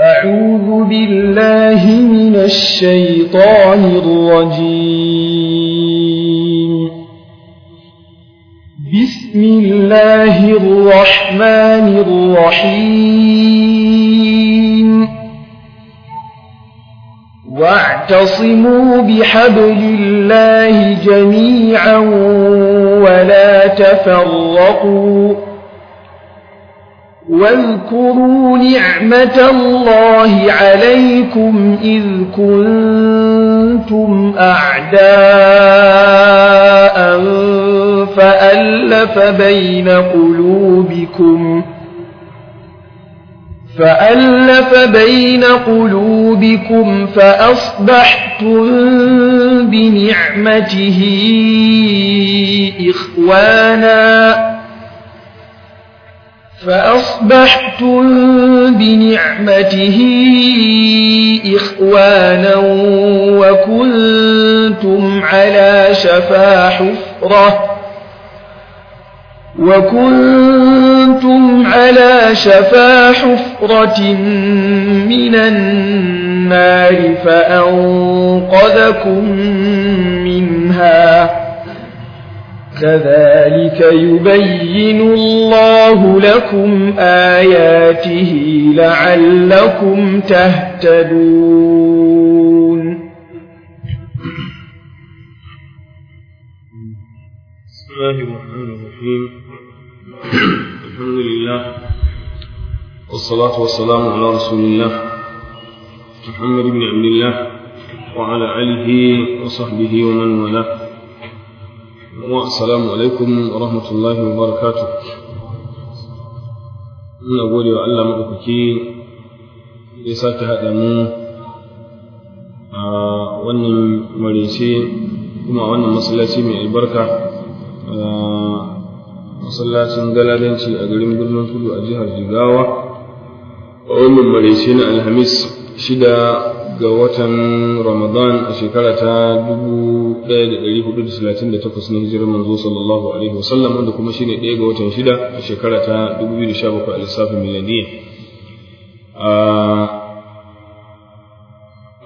أعوذ بالله من الشيطان الرجيم بسم الله الرحمن الرحيم واعتصموا بحبل الله جميعا ولا تفرقوا واذكروا نعمة الله عليكم إذ كنتم أعداء فألف بين قلوبكم فألف بين قلوبكم فأصبحتم بنعمته إخواناً فأصبحتم بنعمته إخوانا وكنتم على شفا حفرة وكنتم على شفا حفرة من النار فأنقذكم منها كذلك يبين الله لكم آياته لعلكم تهتدون بسم الله الرحمن الرحيم الحمد لله والصلاة والسلام على رسول الله محمد بن عبد الله وعلى آله وصحبه ومن والاه assalamu alaikum wa rahmatullahi wa barakatuh ina gode wa Allah maɗaukaki da ya sake haɗa mu a wannan marece kuma wannan masallaci mai albarka masallacin galadanci a garin birnin kudu a jihar jigawa a wannan marece na alhamis shida ga watan Ramadan a shekara ta 1438 na hijirar manzo sallallahu alaihi wasallam wanda kuma shine ɗaya ga watan shida a shekara ta 2017 a lissafin miladiyya.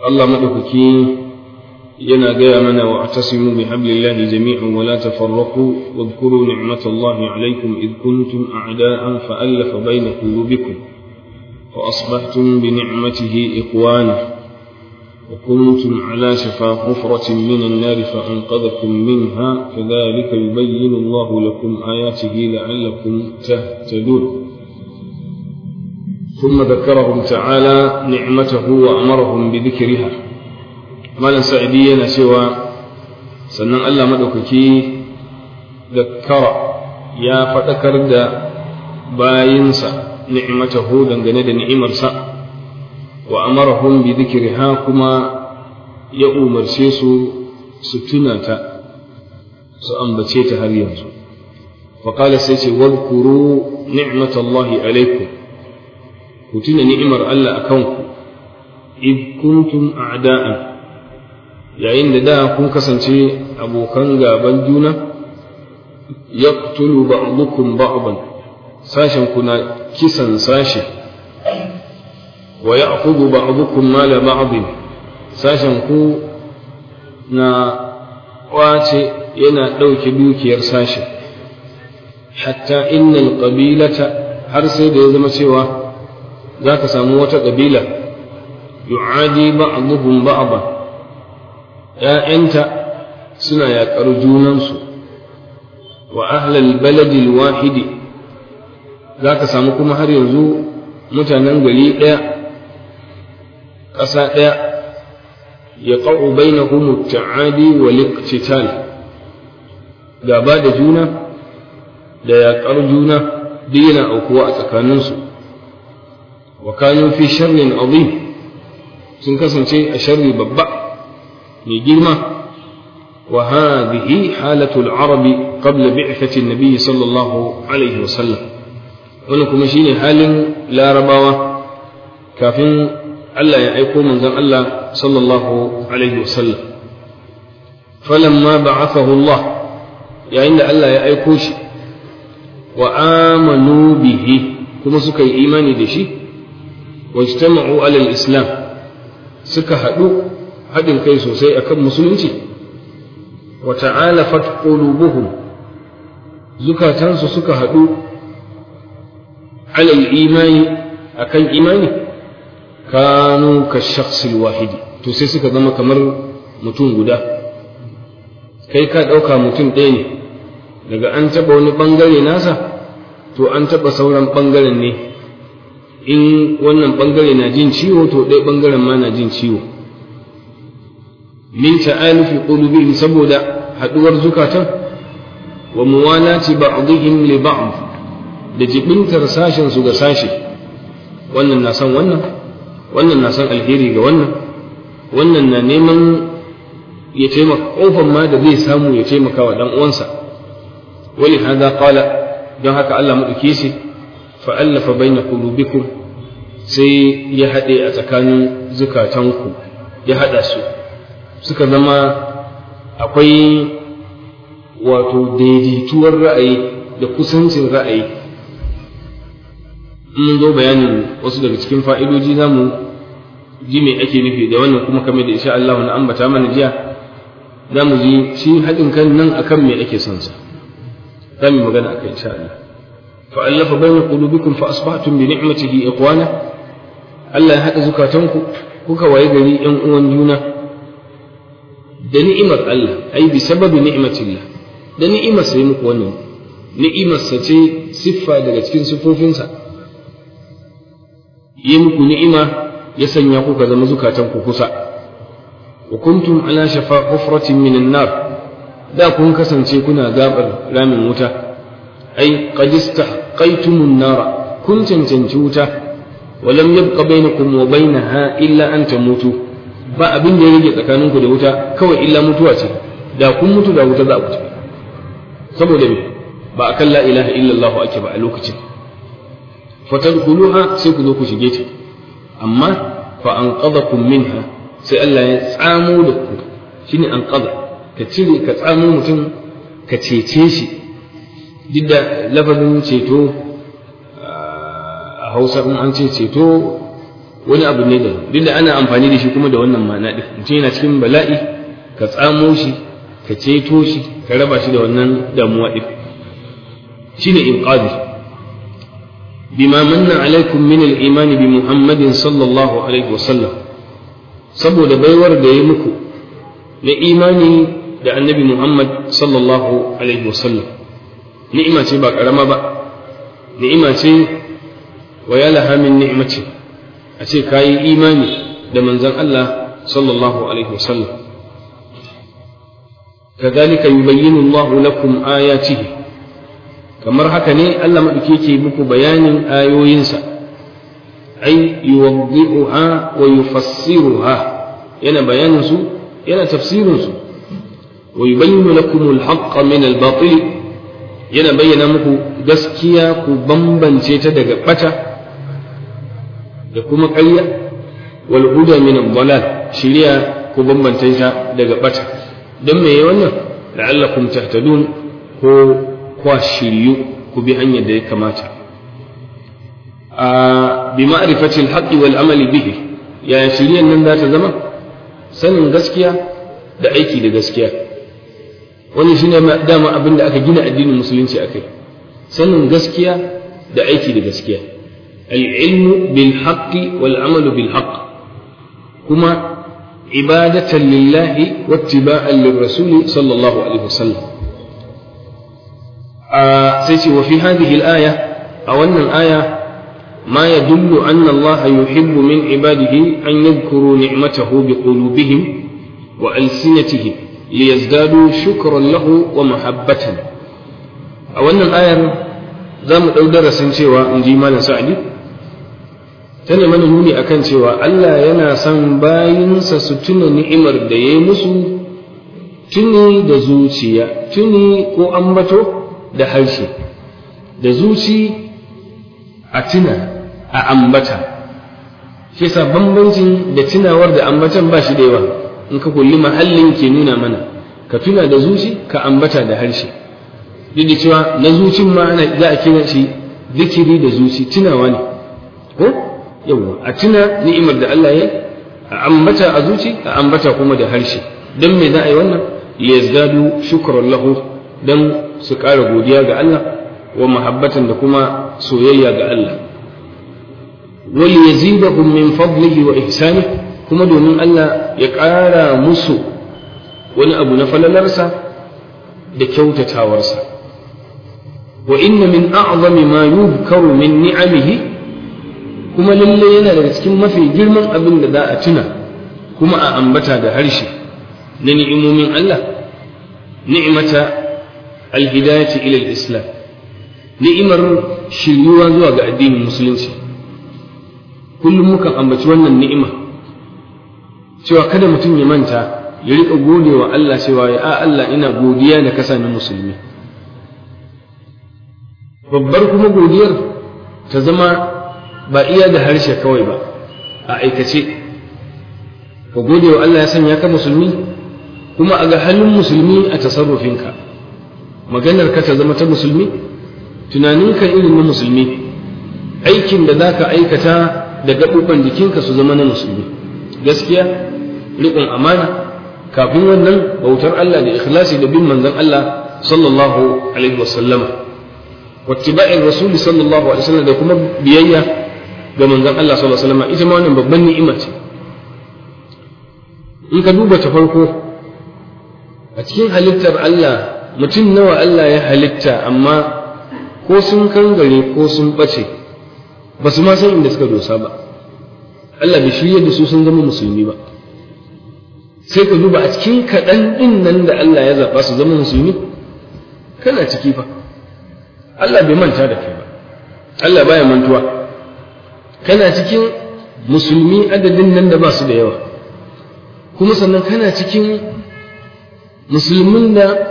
Allah maɗaukaki yana gaya mana wa atasimu bi hablillahi jami'an wa la tafarraqu wa dhkuru ni'matallahi alaykum id kuntum a'da'an fa alafa bayna qulubikum fa asbahtum bi ni'matihi ikhwana وكنتم على شفا حفرة من النار فأنقذكم منها كذلك يبين الله لكم آياته لعلكم تهتدون ثم ذكرهم تعالى نعمته وأمرهم بذكرها ما لن سعدينا سوى سنن ألا مدوكي ذكر يا فتكر دا باينسا نعمته دنجنة نعمرسا wa amarahum bi dhikriha kuma ya umarce su su tuna ta su ambace ta har yanzu fa qala sai ce kuru ni'matallahi alaykum ku tuna ni'imar Allah akan ku id kuntum a'da'an yayin da da kun kasance abokan gaban juna yaqtulu ba'dukum ba'dan sashen kuna kisan sashe wa ya'khudhu ba'dukum mala abin? sashen ku na kwace yana ɗauke dukiyar sashen hatta innal ƙabilata har sai da ya zama cewa za ka samu wata ƙabila yu'adi ba'duhum ba'dan ‘ya'yanta suna yaƙar junansu wa ahlal baladi wahidi za ka samu kuma har yanzu mutanen gari ɗaya أسادة يقع بينهم التعادي والاقتتال قابا دجونا لا يقر دينا أو قوة تكاننس وكانوا في شر عظيم سنكسن شيء أشر ببع نجيما وهذه حالة العرب قبل بعثة النبي صلى الله عليه وسلم ولكم شيء حال لا ربا كافٍ Allah ya aiko manzon Allah sallallahu alaihi wasallam falamma ba'athahu Allah yayin da Allah ya aiko shi wa amanu bihi kuma suka yi imani da shi wajtama'u alal islam suka haɗu haɗin kai sosai akan musulunci wa ta'ala qulubuhum zukatansu suka haɗu alal imani akan imani ka kanu ka shakhsil wahidi to sai suka zama kamar mutum guda kai ka ɗauka mutum ɗaya ne daga an taɓa wani ɓangare nasa to an taɓa sauran ɓangaren ne in wannan ɓangare na jin ciwo to ɗaya ɓangaren ma na jin ciwo min ta'alufi qulubihim saboda haɗuwar zukatan wa muwalati ba'dihim li ba'd da jibintar sashen su ga sashe wannan na san wannan wannan na san alheri ga wannan wannan na neman ya taimaka kofan ma da zai samu ya taimaka wa dan uwansa wani haza qala don haka Allah madauke shi fa allafa baina qulubikum sai ya haɗe a tsakanin zukatanku ya haɗa su suka zama akwai wato daidaituwar ra'ayi da kusancin ra'ayi mun zo bayanin wasu daga cikin fa'idoji za mu ji me ake nufi da wannan kuma kamar da insha Allah na ambata mana jiya za mu ji shi haɗin kan nan a kan me ake son sa za mu magana akan insha Allah fa allafa bayna qulubikum fa asbahtum bi ni'matihi iqwana Allah ya haɗa zukatanku kuka waye gari ɗan uwan juna da ni'imar Allah ai bi sababi Allah da ni'imar sai muku wannan ni'imar sa ce siffa daga cikin siffofinsa yi muku ni'ima ya sanya ku ka zama zukatan ku kusa wa kuntum ala shafa hufratin minan nar da kun kasance kuna gabar ramin wuta ai qad istahqaytumun nara kun cancanci wuta wa lam yabqa bainakum wa bainaha illa an tamutu ba abin da ya rage tsakaninku da wuta kawai illa mutuwa ce da kun mutu da wuta za ku tafi saboda ba akan la ilaha illallah ake ba a lokacin fatadkhuluha sai ku zo ku shige ta amma fa anqadhakum minha sai Allah ya tsamo da ku shine anqadha ka cire ka tsamo mutum ka cece shi duk da lafazin ceto a Hausa in an ce ceto wani abu ne da duk da ana amfani da shi kuma da wannan ma'ana din mutum yana cikin bala'i ka tsamo shi ka ceto shi ka raba shi da wannan damuwa din shine inqadhi Bimaman manna alaikum min al-imani bi Muhammadin sallallahu alaihi wasallam saboda baiwar da ya muku na imani da annabi Muhammad sallallahu alaihi wasallam ni'ima ce ba karama ba ni'ima ce laha min ni'mati a ce kayi imani da manzon Allah sallallahu alaihi yi كذلك يبين الله لكم آياته kamar haka ne Allah maɗauki ke muku bayanin ayoyinsa ai yuwaddi'uha wa yufassiruha yana bayanin su yana tafsirin su wa yubayyinu lakum al-haqqa min al-batil yana bayyana muku gaskiya ku bambance ta daga bata da kuma ƙarya wal huda min ad-dalal shiriya ku bambance ta daga bata dan me wannan la'allakum tahtadun ko kwa shiryu ku bi hanyar da ya kamata a bi ma'rifatil haqqi wal amali bihi yaya shiryan nan za ta zama sanin gaskiya da aiki da gaskiya wannan shine dama abin da aka gina addinin musulunci akai sanin gaskiya da aiki da gaskiya al-ilmu bil haqqi wal amalu bil haqq kuma ibadatan lillahi wattiba'an lirrasuli sallallahu alaihi wasallam sai ce wa fi hadihi a wannan aya maya ya dullu an yuhibbu min ibadihi an yadhkuru ni'matahu bi qulubihim wa alsinatihim li yazdadu shukran lahu wa mahabbatan a wannan ayar za mu dau darasin cewa in ji malam sa'idi tana mana nuni akan cewa Allah yana son bayinsa su tuna ni'imar da yayi musu tuni da zuciya tuni ko ambato bato da harshe da zuci a tuna a ambata shi yasa bambancin da tunawar da ambatan ba shi da yawa in ka kulli mahallin ke nuna mana ka tuna da zuci ka ambata da harshe duk da cewa na zucin ma ana za a kira shi zikiri da zuci tunawa ne ko yawa a tuna ni'imar da Allah ya a ambata a zuci a ambata kuma da harshe dan me za a yi wannan liyazdadu shukran lahu dan su ƙara godiya ga Allah wa muhabbatan da kuma soyayya ga Allah wal yazidahum min fadlihi wa ihsani kuma domin Allah ya ƙara musu wani abu na falalarsa da kyautatawarsa wa inna min a'zami ma yuzkaru min ni'amihi kuma lalle yana daga cikin mafi girman abin da za a tuna kuma a ambata da harshe na ni'imomin Allah ni'imata alhidayati ila al-islam ni'imar shiryuwa zuwa ga addinin musulunci kullum mukan ambaci wannan ni'ima cewa kada mutum ya manta ya riƙa gode wa Allah cewa ya a Allah ina godiya da kasa na musulmi babbar kuma godiyar ta zama ba iya da harshe kawai ba a aikace ka gode wa Allah ya sanya ka musulmi kuma a ga halin musulmi a tasarrufinka maganar ka ta zama ta musulmi tunaninka irin na musulmi aikin da za ka aikata da gaɓuɓɓan jikinka su zama na musulmi gaskiya riƙon amana kafin wannan bautar Allah da ikhlasi da bin manzon Allah sallallahu alaihi wasallama wattiba'in rasuli sallallahu alaihi wasallam da kuma biyayya ga manzon Allah sallallahu alaihi wasallama ita ma wannan babban ni'ima ce in ka duba ta farko a cikin halittar Allah mutum nawa Allah ya halitta amma ko sun kangare ko sun ɓace ba su ma san inda suka dosa ba Allah bai shirya da su sun zama musulmi ba sai ka duba a cikin kaɗan ɗin nan da Allah ya zaɓa su zama musulmi kana ciki fa Allah bai manta da kai ba Allah baya mantuwa kana cikin musulmi adadin nan da ba su da yawa kuma sannan kana cikin musulmin da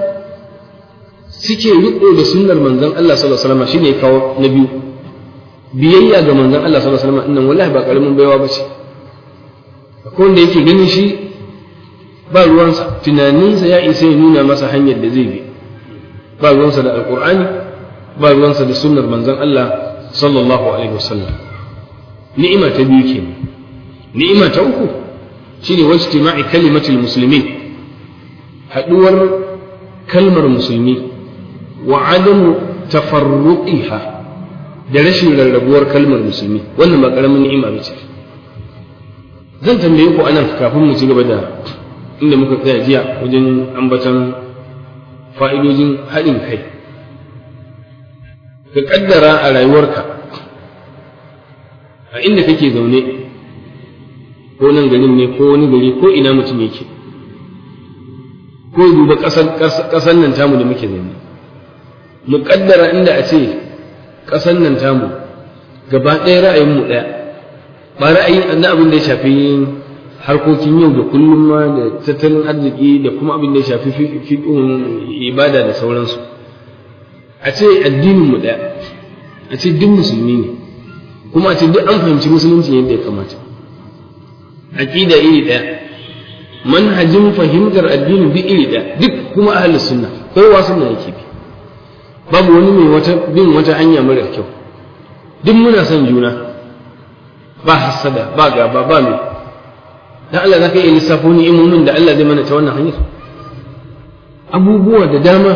suke riko da sunnar manzon Allah sallallahu alaihi wasallam shine kawo na biyu biyayya ga manzon Allah sallallahu alaihi wasallam nan wallahi ba karamin baiwa bace akwai wanda yake ganin shi ba ruwansa tunaninsa ya isa ya nuna masa hanyar da zai bi ba ruwansa da alqur'ani ba ruwansa da sunnar manzon Allah sallallahu alaihi wasallam ni'ima ta biyu ke ni'ima ta uku shine wajtima'i kalimatul muslimin haduwar kalmar musulmi wa adamu tafarruqiha da rashin rarrabuwar kalmar musulmi wannan ba karamin ni'ima bace zan tambaye ku anan kafin mu ci gaba da inda muka tsaya jiya wajen ambatan fa'idojin haɗin kai ka kaddara a rayuwarka a inda kake zaune ko nan garin ne ko wani gari ko ina mutum yake ko duba ƙasar nan tamu da muke zaune muƙaddara inda a ce ƙasan nan tamu gaba ɗaya ra'ayin mu ɗaya ba ra'ayin na abin da ya shafi harkokin yau da kullum ma da tattalin arziki da kuma abin da ya shafi fiƙin ibada da sauransu a ce addinin mu ɗaya a ce duk musulmi ne kuma a ce duk an fahimci musulunci yadda ya kamata aƙida iri ɗaya manhajin fahimtar addini duk iri ɗaya duk kuma ahlus sunna kowa sunna yake bi babu wani mai wata bin wata hanya mara kyau duk muna son juna ba hasada ba gaba ba mai dan Allah zaka iya lissafo ni'imomin da Allah zai mana ta wannan hanyar abubuwa da dama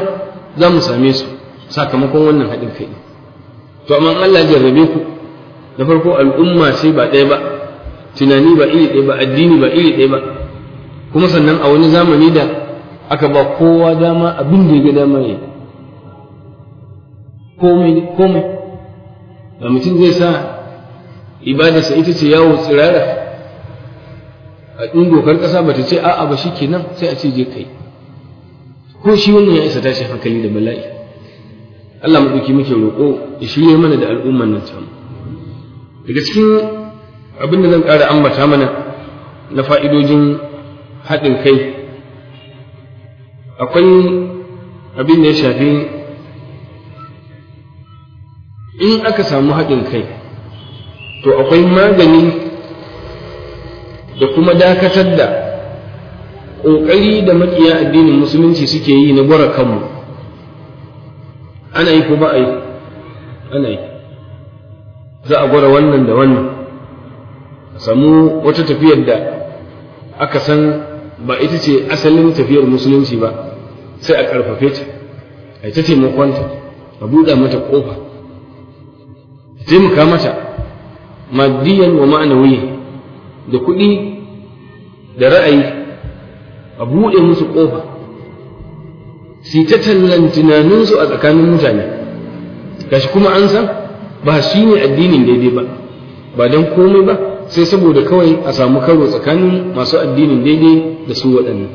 za mu same su sakamakon wannan haɗin kai to amma Allah jarrabe ku da farko al'umma sai ba ɗaya ba tunani ba iri ɗaya ba addini ba iri ɗaya ba kuma sannan a wani zamani da aka ba kowa dama abin da ya ga dama ne komai komai da mutum zai sa ibadarsa ita ce yawo tsirara a ɗin dokar ƙasa ba ta ce a'a ba shi kenan sai a ce je kai ko shi wannan ya isa tashi hankali da bala'i Allah mu ɗauki muke roƙo ya shirye mana da al'umman nan ta. daga cikin abin da zan ƙara ambata mana na fa'idojin haɗin kai akwai abin da ya shafi in aka samu haɗin kai to akwai magani da kuma dakatar da ƙoƙari da maƙiya addinin musulunci suke yi na gwara kanmu ana yi ko ba a yi ana yi za a gwara wannan da wannan a samu wata tafiyar da aka san ba ita ce asalin tafiyar musulunci ba sai a ƙarfafe ta a ita ce makonta a buɗa mata ƙofa taimaka mata maddiyan wa ma'anawiyan da kuɗi da ra'ayi a buɗe musu ƙofa su ta tallan tunaninsu a tsakanin mutane gashi kuma an san ba shi ne addinin daidai ba ba don komai ba sai saboda kawai a samu karo tsakanin masu addinin daidai da su waɗannan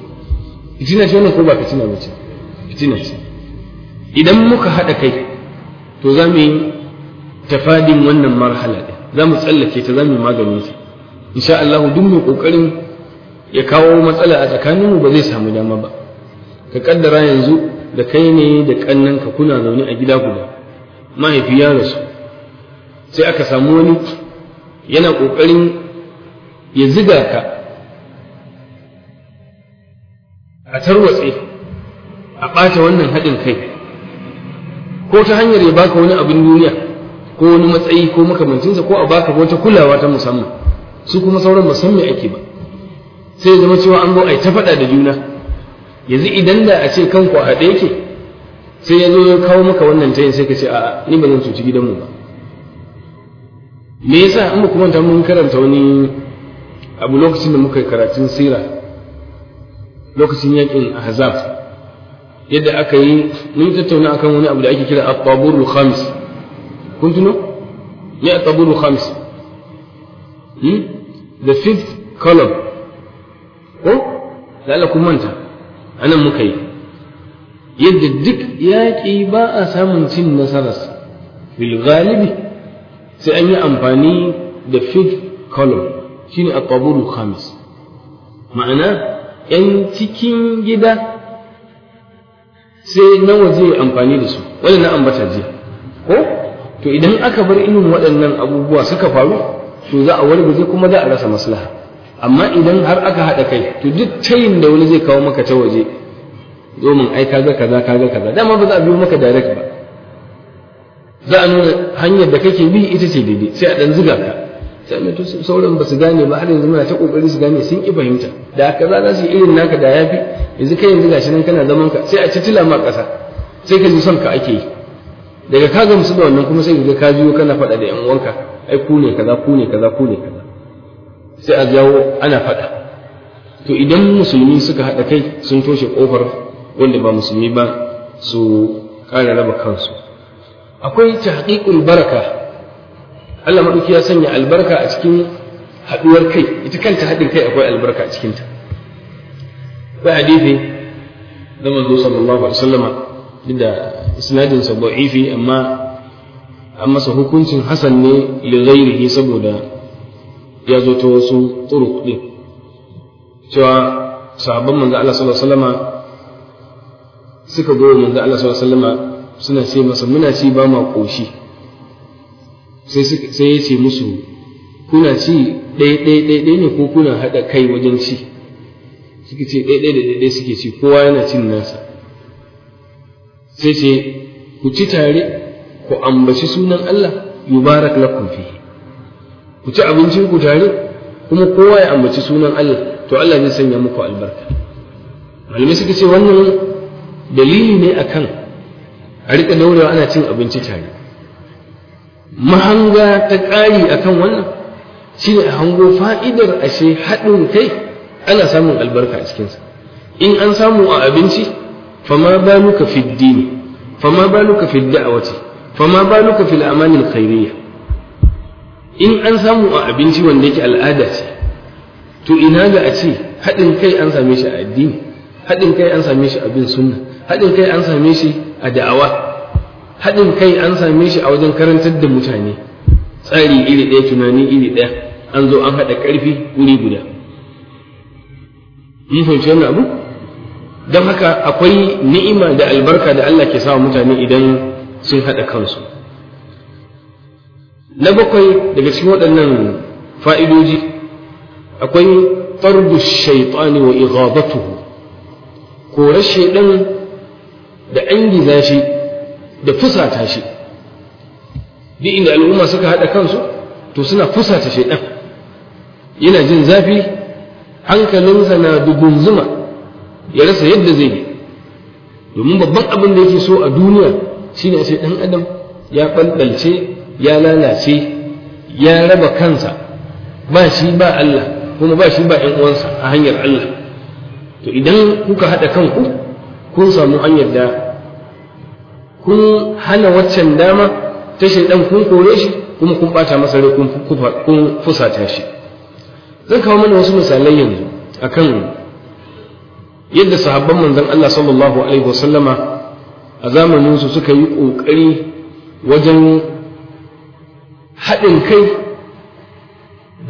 fitina ce wannan ko ba fitina ba ce fitina ce idan muka haɗa kai to za mu yi ta fadin wannan marhala ɗin za mu tsallake ta za mu magani ta insha Allah duk mai kokarin ya kawo matsala a tsakaninmu ba zai samu dama ba ka kaddara yanzu da kai ne da ka kuna zaune a gida guda mahaifi ya rasu sai aka samu wani yana kokarin ya ziga ka a tarwatse a ɓata wannan haɗin kai ko ta hanyar ya baka wani abin duniya ko wani matsayi ko makamancinsa ko a baka wata kulawa ta musamman su kuma sauran musamman ake ba sai zama cewa an zo a ta faɗa da juna yanzu idan da a ce kanku a ɗaya ke sai ya zo ya kawo maka wannan tayin sai ka ce a ni ba zan cuci gidanmu ba me yasa an kuma ta mun karanta wani abu lokacin da muka yi karatun sira lokacin yakin ahzab yadda aka yi mun tattauna akan wani abu da ake kira at al khamis kun tuno ya tabulu khams hmm? the fifth column ko lalla kun manta nan muka yi yadda duk yaƙi ba a samun cin nasaras bil galibi sai an yi amfani da fifth column shine a tabulu khamis ma'ana ‘yan cikin gida sai na waje amfani da su, wani na ambata jiya, ko? to idan aka bar irin waɗannan abubuwa suka faru to za a wargaje kuma za a rasa maslaha amma idan har aka haɗa kai to duk tayin da wani zai kawo maka ta waje domin ai ka ga kaza ka ga kaza dama ba za a biyo maka direct ba za a nuna hanyar da kake bi ita ce daidai sai a dan zuga ka sai to sauran ba su gane ba har yanzu muna ta kokari su gane sun ki fahimta da kaza za su yi irin naka da yafi yanzu kai yanzu gashi nan kana zaman ka sai a ci tilama ma kasa sai ka ji son ka ake yi daga ka gamsu da wannan kuma sai ka ka jiyo kana faɗa da ƴan uwanka ai ku ne kaza ku ne kaza ku ne kaza sai a jawo ana faɗa to idan musulmi suka haɗa kai sun toshe ƙofar wanda ba musulmi ba su ƙara raba kansu akwai tahqiqul baraka Allah madauki ya sanya albarka a cikin haɗuwar kai ita kanta haɗin kai akwai albarka a cikinta ba hadithi da manzo sallallahu alaihi wasallama inda isnadin sa da'ifi amma an masa hukuncin hasan ne li ghairihi saboda ya zo ta wasu turuk din cewa sahabban manzo Allah sallallahu alaihi wasallama suka goyo manzo Allah sallallahu alaihi wasallama suna ce masa muna ci ba ma koshi sai sai ya ce musu kuna ci ɗaya ne ko kuna haɗa kai wajen ci suke ce ɗaya da ɗaya suke ci kowa yana cin nasa sai ce ku ci tare ku ambaci sunan Allah yubarak lakum fihi ku ci abincin ku tare kuma kowa ya ambaci sunan Allah to Allah zai sanya muku albarka malamai suka ce wannan dalili ne akan a rika daurewa ana cin abinci tare mahanga ta ƙari akan wannan shine a hango fa'idar ashe haɗin kai ana samun albarka a cikinsa in an samu a abinci fama baluka fi dini fama baluka fi da'awati fama baluka fi al'amalin khairiyya in an samu a abinci wanda yake al'ada ce to ina ga a ce haɗin kai an same shi a addini haɗin kai an same shi a bin sunna haɗin kai an same shi a da'awa haɗin kai an same shi a wajen karantar da mutane tsari iri ɗaya tunani iri ɗaya an zo an haɗa ƙarfi wuri guda mun fahimci abu don haka akwai ni'ima da albarka da Allah ke sawa mutane idan sun haɗa kansu na bakwai daga cikin waɗannan fa'idoji akwai tarbu shaitani wa ighabatuhu korar shaidan da angiza shi da fusata shi duk inda al'umma suka haɗa kansu to suna fusata shaidan yana jin zafi hankalinsa na dugunzuma zuma ya rasa yadda zai yi domin babban abin da yake so a duniya shine sai ɗan adam ya ɓalɓalce ya lalace ya raba kansa ba shi ba Allah kuma ba shi ba 'yan uwansa a hanyar Allah to idan kuka haɗa kanku kun samu hanyar da kun hana waccan dama ta ɗan kun kore shi kuma kun ɓata masa rai kun fusata shi zan kawo mana wasu misalai yanzu akan yadda sahabban manzon Allah sallallahu alaihi wasallama a zamanin su suka yi ƙoƙari wajen haɗin kai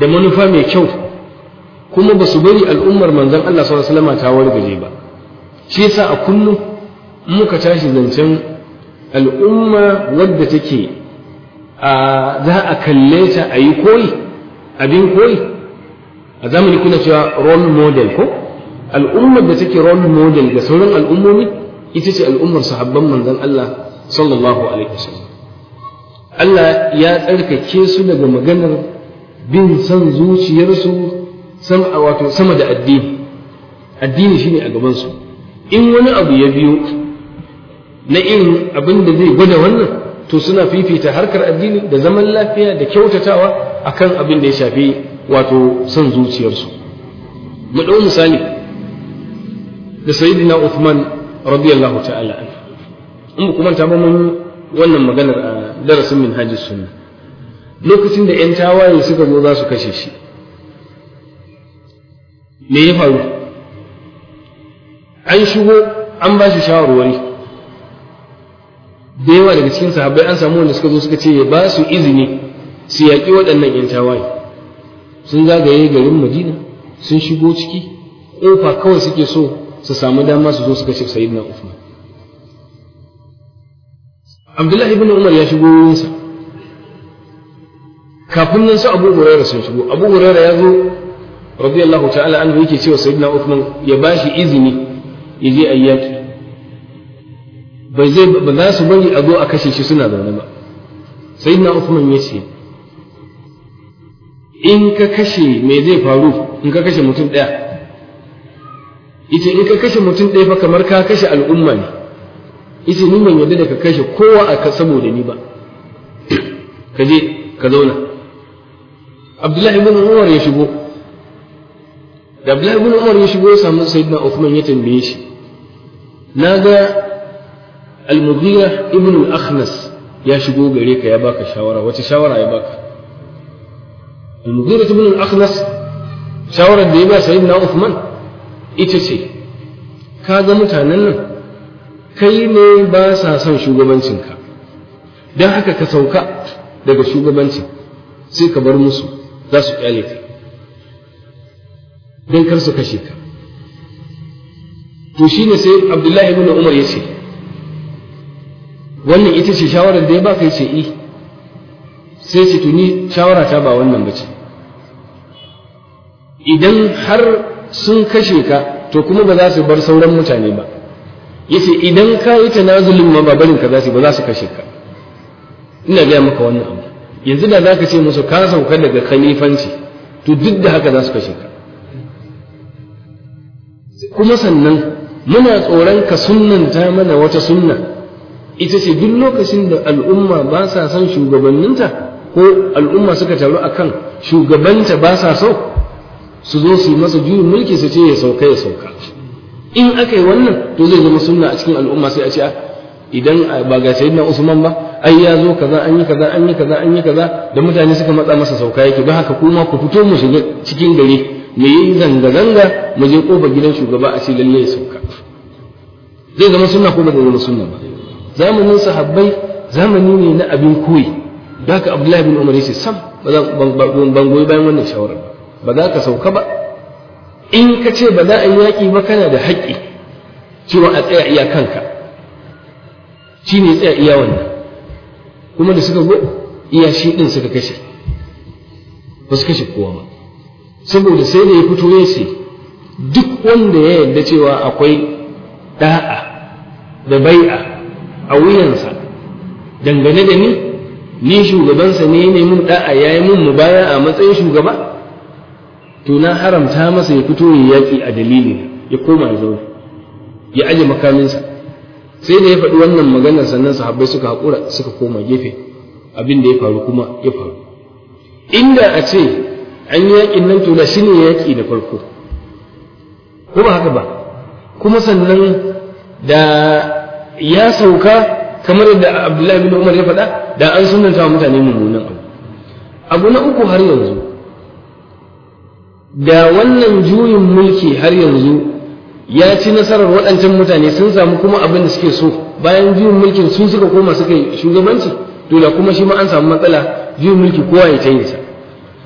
da manufa mai kyau kuma ba su bari al'ummar manzon Allah sallallahu alaihi wasallama ta wargaje ba shi yasa a kullum muka tashi zancen al'umma wadda take a za a kalle ta a yi koyi abin koyi a zamani kuna cewa role model ko al'ummar da take role model ga sauran al'ummomi ita ce al'ummar sahabban manzon Allah sallallahu alaihi wasallam Allah ya tsarkake su daga maganar bin san zuciyarsu san wato sama da addini addini shine a gaban su in wani abu ya biyo na irin abin da zai gwada wannan to suna fifita harkar addini da zaman lafiya da kyautatawa akan abin da ya shafi wato son zuciyarsu mu ɗau misali da sayyidina Uthman radiyallahu ta'ala in ku manta ba mun wannan maganar a darasin minhajus sunna lokacin da yan tawaye suka zo za su kashe shi me ya faru an shigo an ba shi shawarwari da yawa daga cikin sahabbai an samu wanda suka zo suka ce ba su izini su yaƙi waɗannan yan tawaye sun zagaye garin madina sun shigo ciki ƙofa kawai suke so su samu dama su zo su kashe na Uthman Abdullahi ibn Umar ya shigo wurinsa kafin nan su Abu Hurairah sun shigo Abu Hurairah ya zo radiyallahu ta'ala anhu yake cewa sayyidina Uthman ya bashi izini ya je ayyaki ba za su bari a zo a kashe shi suna zaune ba sayyidina Uthman ya ce in ka kashe me zai faru in ka kashe mutum ɗaya ita in ka kashe mutum ɗaya fa kamar ka kashe al'umma ne ita ni ban yadda da ka kashe kowa a ka saboda ni ba ka je ka zauna Abdullahi ibn Umar ya shigo da Abdullahi ibn Umar ya shigo ya samu Sayyidina Uthman ya tambaye shi na ga al mudira ibn al-Akhnas ya shigo gare ka ya baka shawara wace shawara ya baka al mudira ibn al-Akhnas shawarar da ya ba Sayyidina Uthman ita ce ka ga mutanen nan kai ne ba sa son shugabancinka don haka ka sauka daga shugabancin sai ka bar musu za su kyale ka don kar su kashe ka to shi ne sai abdullahi ibn umar ya ce wannan ita ce shawarar da ya ba kai ce i eh. sai ce tuni shawara ta ba wannan ba ce idan har sun kashe ka to kuma ba za su bar sauran mutane ba yace idan ka yi tanazulin ma babarin ka za su ba za su kashe ka ina gaya maka wannan abu yanzu da za ka ce musu ka sauka daga khalifanci to duk da haka za su kashe ka kuma sannan muna tsoron ka sunnanta mana wata sunna ita ce duk lokacin da al'umma ba sa son shugabanninta ko al'umma suka taru akan shugabanta ba sa so su zo su yi masa juyin mulki su ce ya sauka ya sauka in aka yi wannan to zai zama sunna a cikin al'umma sai a ce idan ba ga sayyidina usman ba ai ya zo kaza an yi kaza an yi kaza an yi kaza da mutane suka matsa masa sauka yake ba haka kuma ku fito mu shiga cikin gari mu yi zanga zanga mu je kofar gidan shugaba a ce lalle ya sauka zai zama sunna ko ba zai zama sunna ba zamanin sahabbai zamani ne na abin koyi da haka abdullahi bin umar yace sam ban goyi bayan wannan shawarar ba za ka sauka ba in ka ce ba za a yi yaƙi ba kana da haƙƙi cewa a tsaya iya kanka shi ne tsaya iya wannan kuma da suka go iya shi ɗin suka kashe ba su kashe kowa ba saboda sai da ya fito ya ce duk wanda ya yarda cewa akwai da'a da bai'a a wuyansa dangane da ni ni shugabansa ne ne mun da'a ya yi mun mubaya a matsayin shugaba to na haramta masa ya fito ya yaƙi a dalili ya koma ya zauna ya aje makaminsa sai da ya faɗi wannan maganar sannan sahabbai suka haƙura suka koma gefe abin da ya faru kuma ya faru inda a ce an yi yaƙin nan to da shi ne yaƙi da farko ko ba haka ba kuma sannan da ya sauka kamar yadda abdullahi bin umar ya faɗa da an sunanta mutane mummunan abu abu na uku har yanzu da wannan juyin mulki har yanzu ya ci nasarar waɗancan mutane sun samu kuma abin da suke so bayan juyin mulkin sun suka koma suka yi shugabanci dole kuma shi ma an samu matsala juyin mulki kowa ya ta yinsa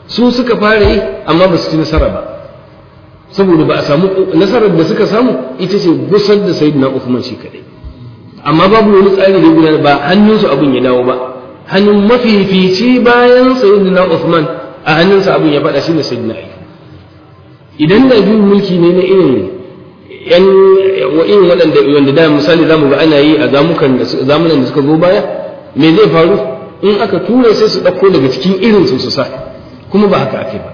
su suka fara yi amma ba su ci nasara ba saboda ba a samu nasarar da suka samu ita ce gusar da sayyidina Uthman shi kadai amma babu wani tsari da gudanar ba hannunsu abin ya dawo ba hannun mafifici bayan sayyidina Uthman a hannunsa abin ya faɗa shi ne sayyidina Ali idan da biyu mulki ne na irin yan wa waɗanda wanda da misali zamu ga ana yi a zamukan da zamunan da suka zo baya me zai faru in aka tura sai su ɗauko daga cikin irin su su sa kuma ba haka ake ba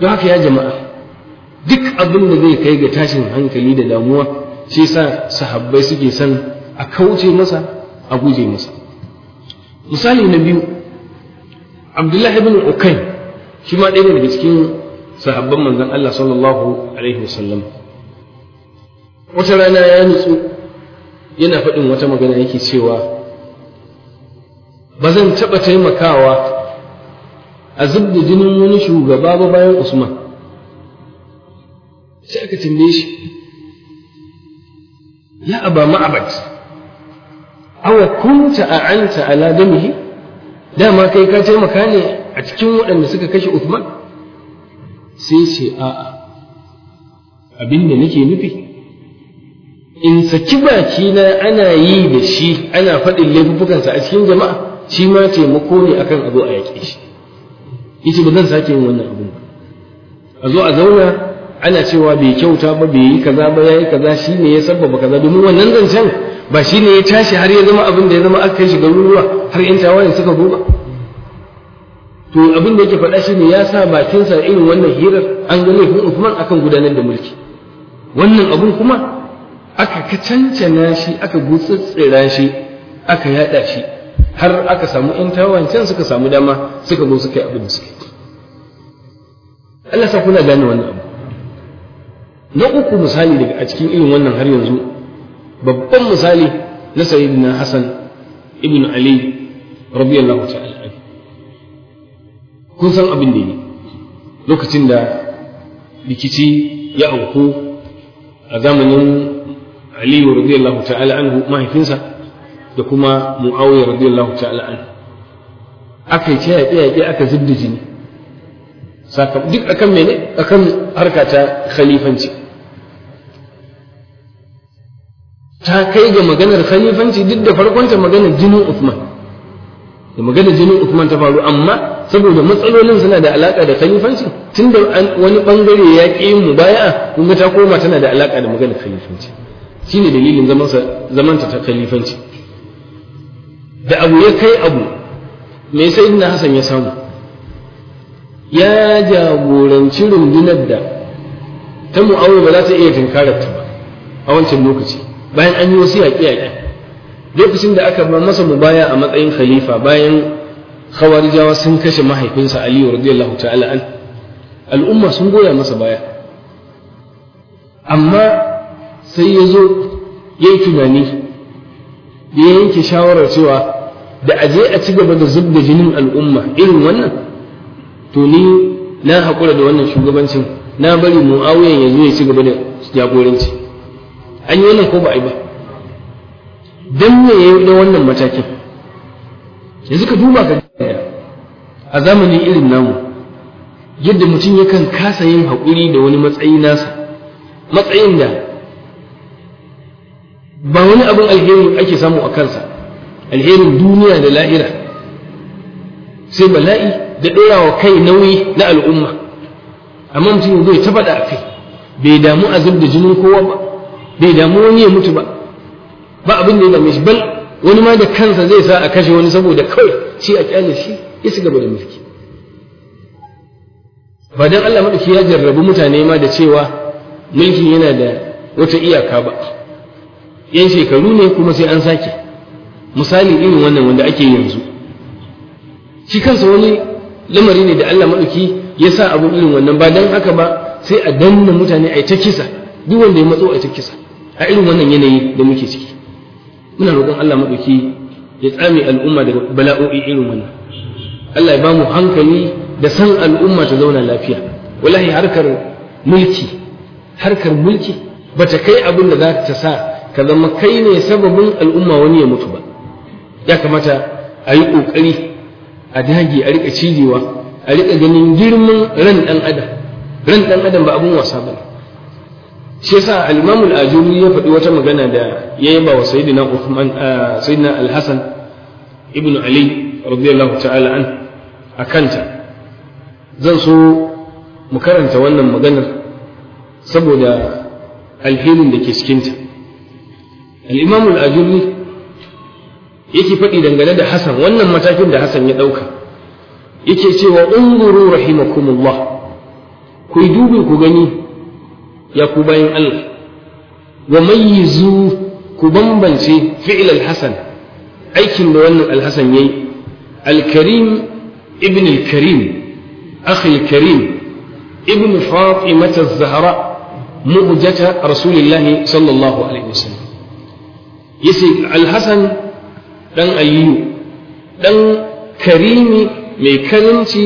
don haka ya jama'a duk abin da zai kai ga tashin hankali da damuwa shi sa sahabbai suke san a kauce masa a guje masa misali na biyu abdullahi bin ukai shi ma ɗaya daga cikin sahabban manzon Allah sallallahu alaihi wasallam wata rana ya nutsu yana faɗin wata magana yake cewa ba zan taɓa taimakawa a zubda jinin wani shugaba ba bayan Usman sai aka tambaye shi ya aba ma'abad awa kunta a'anta ala damihi dama kai ka taimaka ne a cikin waɗanda suka kashe Usman? sai ce a'a abin da nake nufi in saki baki na ana yi da shi ana faɗin laifukansa a cikin jama'a shi ma taimako ne akan a zo a yaƙe shi yace ba zan sake yin wannan abin a zo a zauna ana cewa bai kyauta ba bai yi kaza ba yayi kaza shine ya sabbaba kaza domin wannan zancen ba shi ne ya tashi har ya zama abin da ya zama aka kai shi garuruwa har yan tawayen suka zo to abin da yake faɗa ne ya sa bakinsa irin wannan hirar an gane laifin Uthman akan gudanar da mulki wannan abun kuma aka kacancana shi aka gutsitsira shi aka yada shi har aka samu ƴan tawancen suka samu dama suka zo suka yi abin da suka Allah sa kuna gane wannan abu na uku misali daga a cikin irin wannan har yanzu babban misali na sayyidina Hassan ibn Ali radiyallahu ta'ala kun san abin da ne lokacin da rikici ya auku a zamanin aliyu radiyallahu ta'ala anhu mahaifinsa da kuma mu'awiya radiyallahu ta'ala anhu aka yi yaƙe yaƙe aka zubda jini duk akan mene akan harka ta khalifanci ta kai ga maganar khalifanci duk da farkonta maganar jinin Uthman da magana jinin Uthman ta faru amma saboda matsalolin suna da alaka da khalifanci tunda wani bangare ya ƙi mu baya'a kun ta koma tana da alaka da magana khalifanci shine dalilin zaman sa zaman ta ta khalifanci da abu ya kai abu me sayyidina Hassan ya samu ya jagoranci rundunar da ta mu'awiya ba za ta iya tinkarar ta ba a wancan lokaci bayan an yi wasu yaƙi-yaƙi lokacin da aka masa mubaya a matsayin khalifa bayan khawarijawa sun kashe mahaifinsa aliyu radiyallahu ta'ala an al'umma sun goya masa baya amma sai ya zo ya yi tunani ya yanke shawarar cewa da a je a ci gaba da zub jinin al'umma irin wannan to ni na haƙura da wannan shugabancin na bari mu'awiyan ya zo ya ci gaba da jagoranci an yi wannan ko ba a yi ba dan me ya yi wannan matakin yanzu ka duba ka a zamanin irin namu yadda mutum ya kan kasa yin haƙuri da wani matsayi nasa matsayin da ba wani abin alheri ake samu a kansa alherin duniya da la'ira sai bala'i da ɗorawa kai nauyi na al'umma amma mutum ya zai taba da a kai bai damu a da jinin kowa ba bai damu wani ya mutu ba ba abin da ya dame shi bal wani ma da kansa zai sa a kashe wani saboda kawai shi a kyale shi ya ci gaba da mulki ba dan Allah madaki ya jarrabu mutane ma da cewa mulki yana da wata iyaka ba yan shekaru ne kuma sai an sake misali irin wannan wanda ake yanzu shi kansa wani lamari ne da Allah madaki ya sa abu irin wannan ba dan haka ba sai a danna mutane a yi ta kisa duk wanda ya matso a yi ta kisa a irin wannan yanayi da muke ciki muna roƙon Allah maɗauki ya tsame al'umma daga bala'o'i irin wannan Allah ya ba mu hankali da san al'umma ta zauna lafiya wallahi harkar mulki harkar mulki bata kai abin da za ta sa ka zama kai ne sababin al'umma wani ya mutu ba ya kamata a yi ƙoƙari a dage a riƙa cijewa a riƙa ganin girman ran ɗan adam ran ɗan adam ba abin wasa ba ne shi yasa al-Imam al-Ajuri ya faɗi wata magana da ya yaba wa sayyidina Uthman ah, sayyidina al-Hasan ibn Ali radiyallahu ta'ala an akanta zan so mu karanta wannan maganar saboda alhinin da ke cikinta al-Imam al-Ajuri yake faɗi dangane da Hasan wannan matakin da Hasan ya ɗauka yake cewa unguru rahimakumullah ku yi dubi ku gani ya ku bayan Allah wa mayyizu ku bambance fi'l al-hasan aikin da wannan al-hasan yayi al-karim ibn al-karim akhi al-karim ابن فاطمة الزهراء مؤجة رسول الله صلى الله عليه وسلم يسي الحسن دان أيو دان كريمي مي كرمتي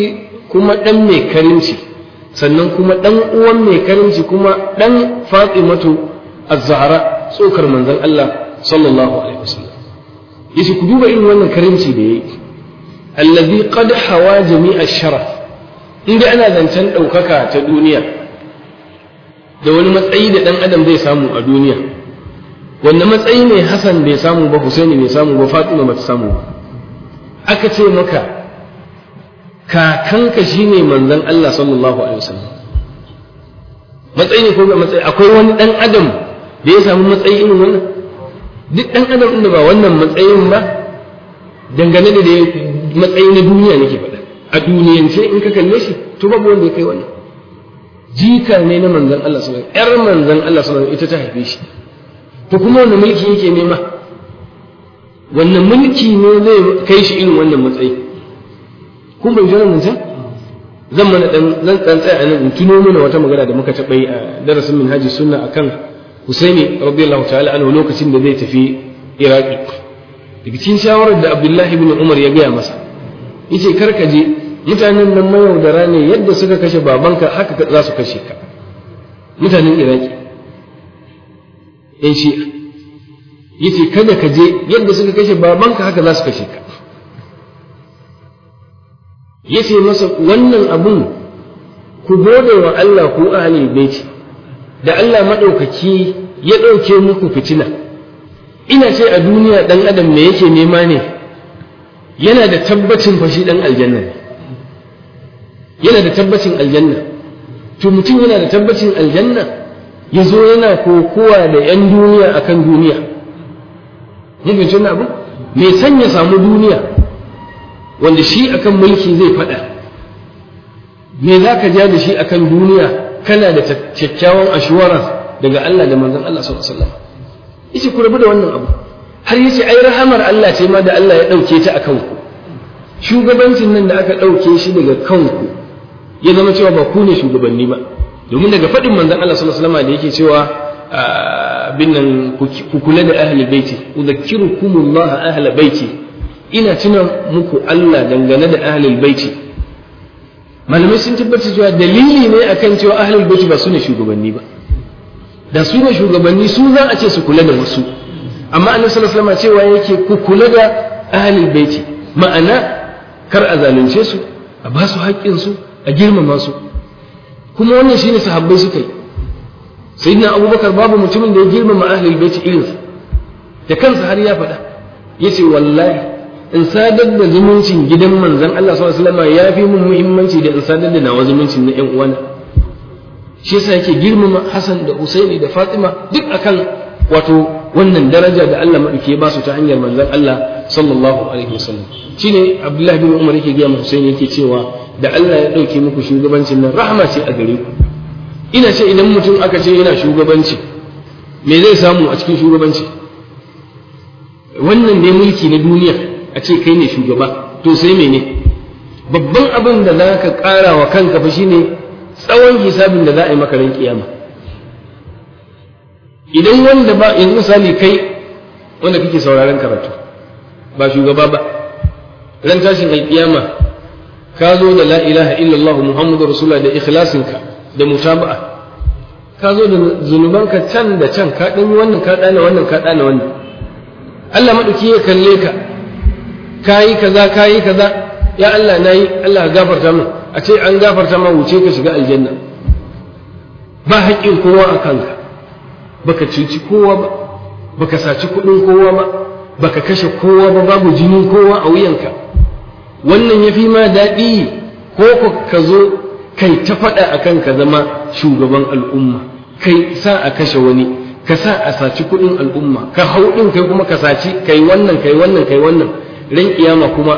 كما دان مي كرمتي sannan kuma ɗan uwan mai karimci kuma ɗan fatimatu az-zahra tsokar manzon Allah sallallahu alaihi wasallam yace ku duba irin wannan karimci da yayi allazi qad hawa jami'a sharaf inda ana zancen daukaka ta duniya da wani matsayi da dan adam zai samu a duniya wanda matsayi ne Hassan bai samu ba Husaini bai samu ba Fatima ba ta samu ba aka ce maka kakanka shine Manzan Allah sallallahu alaihi wasallam matsayi ne ko ga matsayi akwai wani ɗan adam da ya samu matsayi irin wannan duk ɗan adam inda ba wannan matsayin ba dangane da matsayi na duniya nake faɗa a duniyance in ka kalle shi to babu wanda ya kai wannan jika ne na manzon Allah sallallahu alaihi wasallam yar Manzan Allah sallallahu alaihi wasallam ita ta haife shi to kuma wannan mulki yake nema wannan mulki ne zai kai shi irin wannan matsayi kun bai jiran zancen zan mana dan zan dan tsaya a nan in tuno mana wata magana da muka taɓa yi a darasin minhaji sunna akan Husaini radiyallahu ta'ala anhu lokacin da zai tafi Iraki daga cikin shawarar da Abdullahi ibn Umar ya gaya masa yace kar ka je mutanen nan mayaudara ne yadda suka kashe babanka haka za su kashe ka mutanen Iraki yan shi'a yace kada ka je yadda suka kashe babanka haka za su kashe ka yace masa wannan abun ku gode wa Allah ku ahli baiti da Allah madaukaki ya dauke muku fitina ina ce a duniya dan adam me yake nema ne yana da tabbacin fashi dan aljanna yana da tabbacin aljanna to mutum yana da tabbacin aljanna ya zo yana kokowa da 'yan duniya akan duniya ne fahimci wannan abu me sanya ya samu duniya wanda shi akan mulki zai faɗa me za ka ja da shi akan duniya kana da kyakkyawan ashuwara daga Allah da manzon Allah sallallahu alaihi wasallam yace ku rabu da wannan abu har yace ai rahamar Allah ce ma da Allah ya dauke ta akan ku shugabancin nan da aka dauke shi daga kanku ya zama cewa ba ku ne shugabanni ba domin daga faɗin manzon Allah sallallahu alaihi wasallam da yake cewa ah, binnan ku kula da ahli baiti udhakkirukumullah ahli baiti ina tuna muku Allah dangane da ahlul baiti malamai sun tabbata cewa dalili ne akan cewa ahlul baiti ba su ne shugabanni ba da su ne shugabanni su za a ce su kula da wasu amma annabi sallallahu alaihi wasallam cewa yake ku kula da ahlul baiti ma'ana kar a zalunce su a ba su haƙƙin su a girmama su kuma wannan shine sahabbai suka yi sayyidina abubakar babu mutumin da ya girmama ahlul baiti irin da kansa har ya faɗa yace wallahi in sadar da zumuncin gidan manzan Allah sallallahu alaihi wasallam ya fi mun muhimmanci da in sadar da nawa zumuncin na ƴan uwana shi yasa yake girmama Hassan da Husaini da Fatima duk akan wato wannan daraja da Allah madauki ya ba su ta hanyar manzan Allah sallallahu alaihi wasallam shine Abdullahi bin Umar yake ga Husaini yake cewa da Allah ya dauke muku shugabancin nan rahama ce a gare ku ina ce idan mutum aka ce yana shugabanci me zai samu a cikin shugabanci wannan ne mulki na duniya a ce kai ne shugaba to sai mene babban abin da za ka ƙara wa kanka fa shine tsawon hisabin da za a yi maka ran kiyama idan wanda ba yanzu misali kai wanda kake sauraron karatu ba shugaba ba ran tashin alkiyama ka zo da la ilaha illallah muhammadu rasulullah da ikhlasinka da mutaba'a ka zo da zunubanka can da can ka ɗan wannan ka ɗana wannan ka ɗana wannan Allah maɗauki ya kalle ka kayi kaza kayi kaza ya Allah nayi Allah gafarta min a ce an gafarta ma wuce ka shiga aljanna ba haƙƙin kowa a kanka baka cuci kowa ba baka saci kuɗin kowa ba baka kashe kowa ba babu jinin kowa a wuyanka wannan ya fi ma daɗi ko ka zo kai ta faɗa a kan ka zama shugaban al'umma kai sa a kashe wani ka sa a saci kuɗin al'umma ka hau ɗin kai kuma ka saci kai wannan kai wannan kai wannan ran kiyama kuma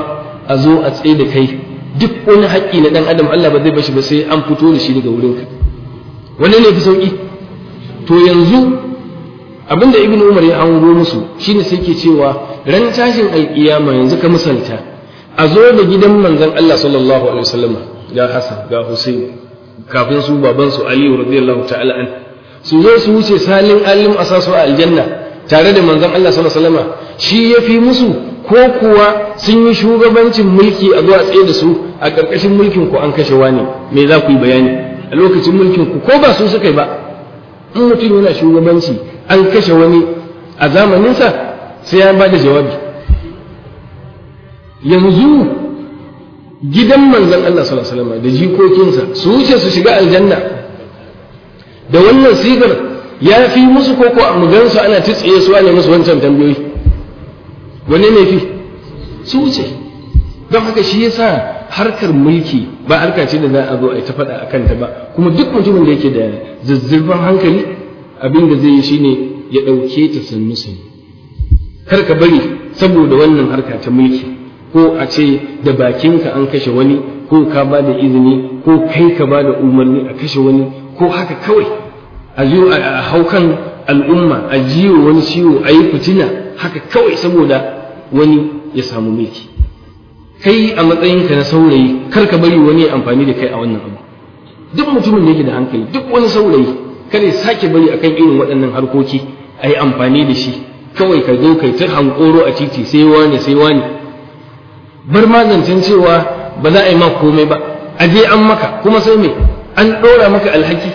a zo a tsaye da kai duk wani haƙƙi na ɗan adam Allah ba zai bashi ba sai an fito da shi daga ka. Wani ne fi sauƙi to yanzu abinda ibn umar ya hango musu shine sai ke cewa ran tashin alƙiyama yanzu ka misalta a zo da gidan manzon Allah sallallahu alaihi wasallam ga Hassan ga Hussein kafin su baban su Ali radiyallahu ta'ala an su zo su wuce salin alim asasu a aljanna tare da manzon Allah sallallahu alaihi wasallam shi yafi musu ko kuwa sun yi shugabancin mulki a zuwa tsaye da su a ƙarƙashin mulkin ku an kashe wani me za ku yi bayani a lokacin mulkin ku ko ba su suka yi ba in mutum yana shugabanci an kashe wani a zamaninsa sai ya ba da jawabi yanzu gidan manzon Allah sallallahu alaihi wasallam da jikokinsa su wuce su shiga aljanna da wannan sigar ya fi musu koko a mugansu ana tsaye su ne musu wancan tambayoyi Wani ne fi su wuce don haka shi ya sa harkar mulki ba harka ce da za a zo a ta faɗa a kanta ba kuma duk mutum da yake da zazzurfan hankali abin da zai yi shi ne ya ɗauke ta sannu sannu kar ka bari saboda wannan harka ta mulki ko a ce da bakinka an kashe wani ko ka ba da izini ko kai ka ba da umarni a kashe wani ko haka kawai a zo a haukan al'umma a jiwo wani ciwo a yi fitina haka kawai saboda wani ya samu mulki kai a matsayinka na saurayi kar ka bari wani ya amfani da kai a wannan abu duk mutumin da yake da hankali duk wani saurayi kada ya sake bari akan irin waɗannan harkoki a yi amfani da shi kawai ka zo kai ta hankoro a titi sai wani sai wani bar zancen cewa ba za a yi ma komai ba a je an maka kuma sai me an ɗora maka alhaki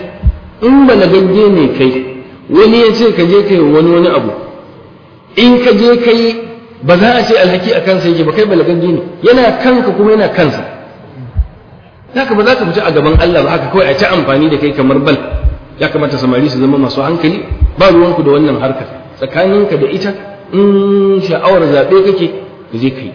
in ba na ne kai wani ya ce ka je kai wani wani abu in ka je kai ba za a ce alhaki a kansa yake ba kai balagan ne yana kanka kuma yana kansa haka ba za ka fita a gaban Allah ba haka kawai a ci amfani da kai kamar bal ya kamata samari su zama masu hankali ba ruwanku da wannan harkar tsakaninka da ita in sha'awar zaɓe kake ka je ka yi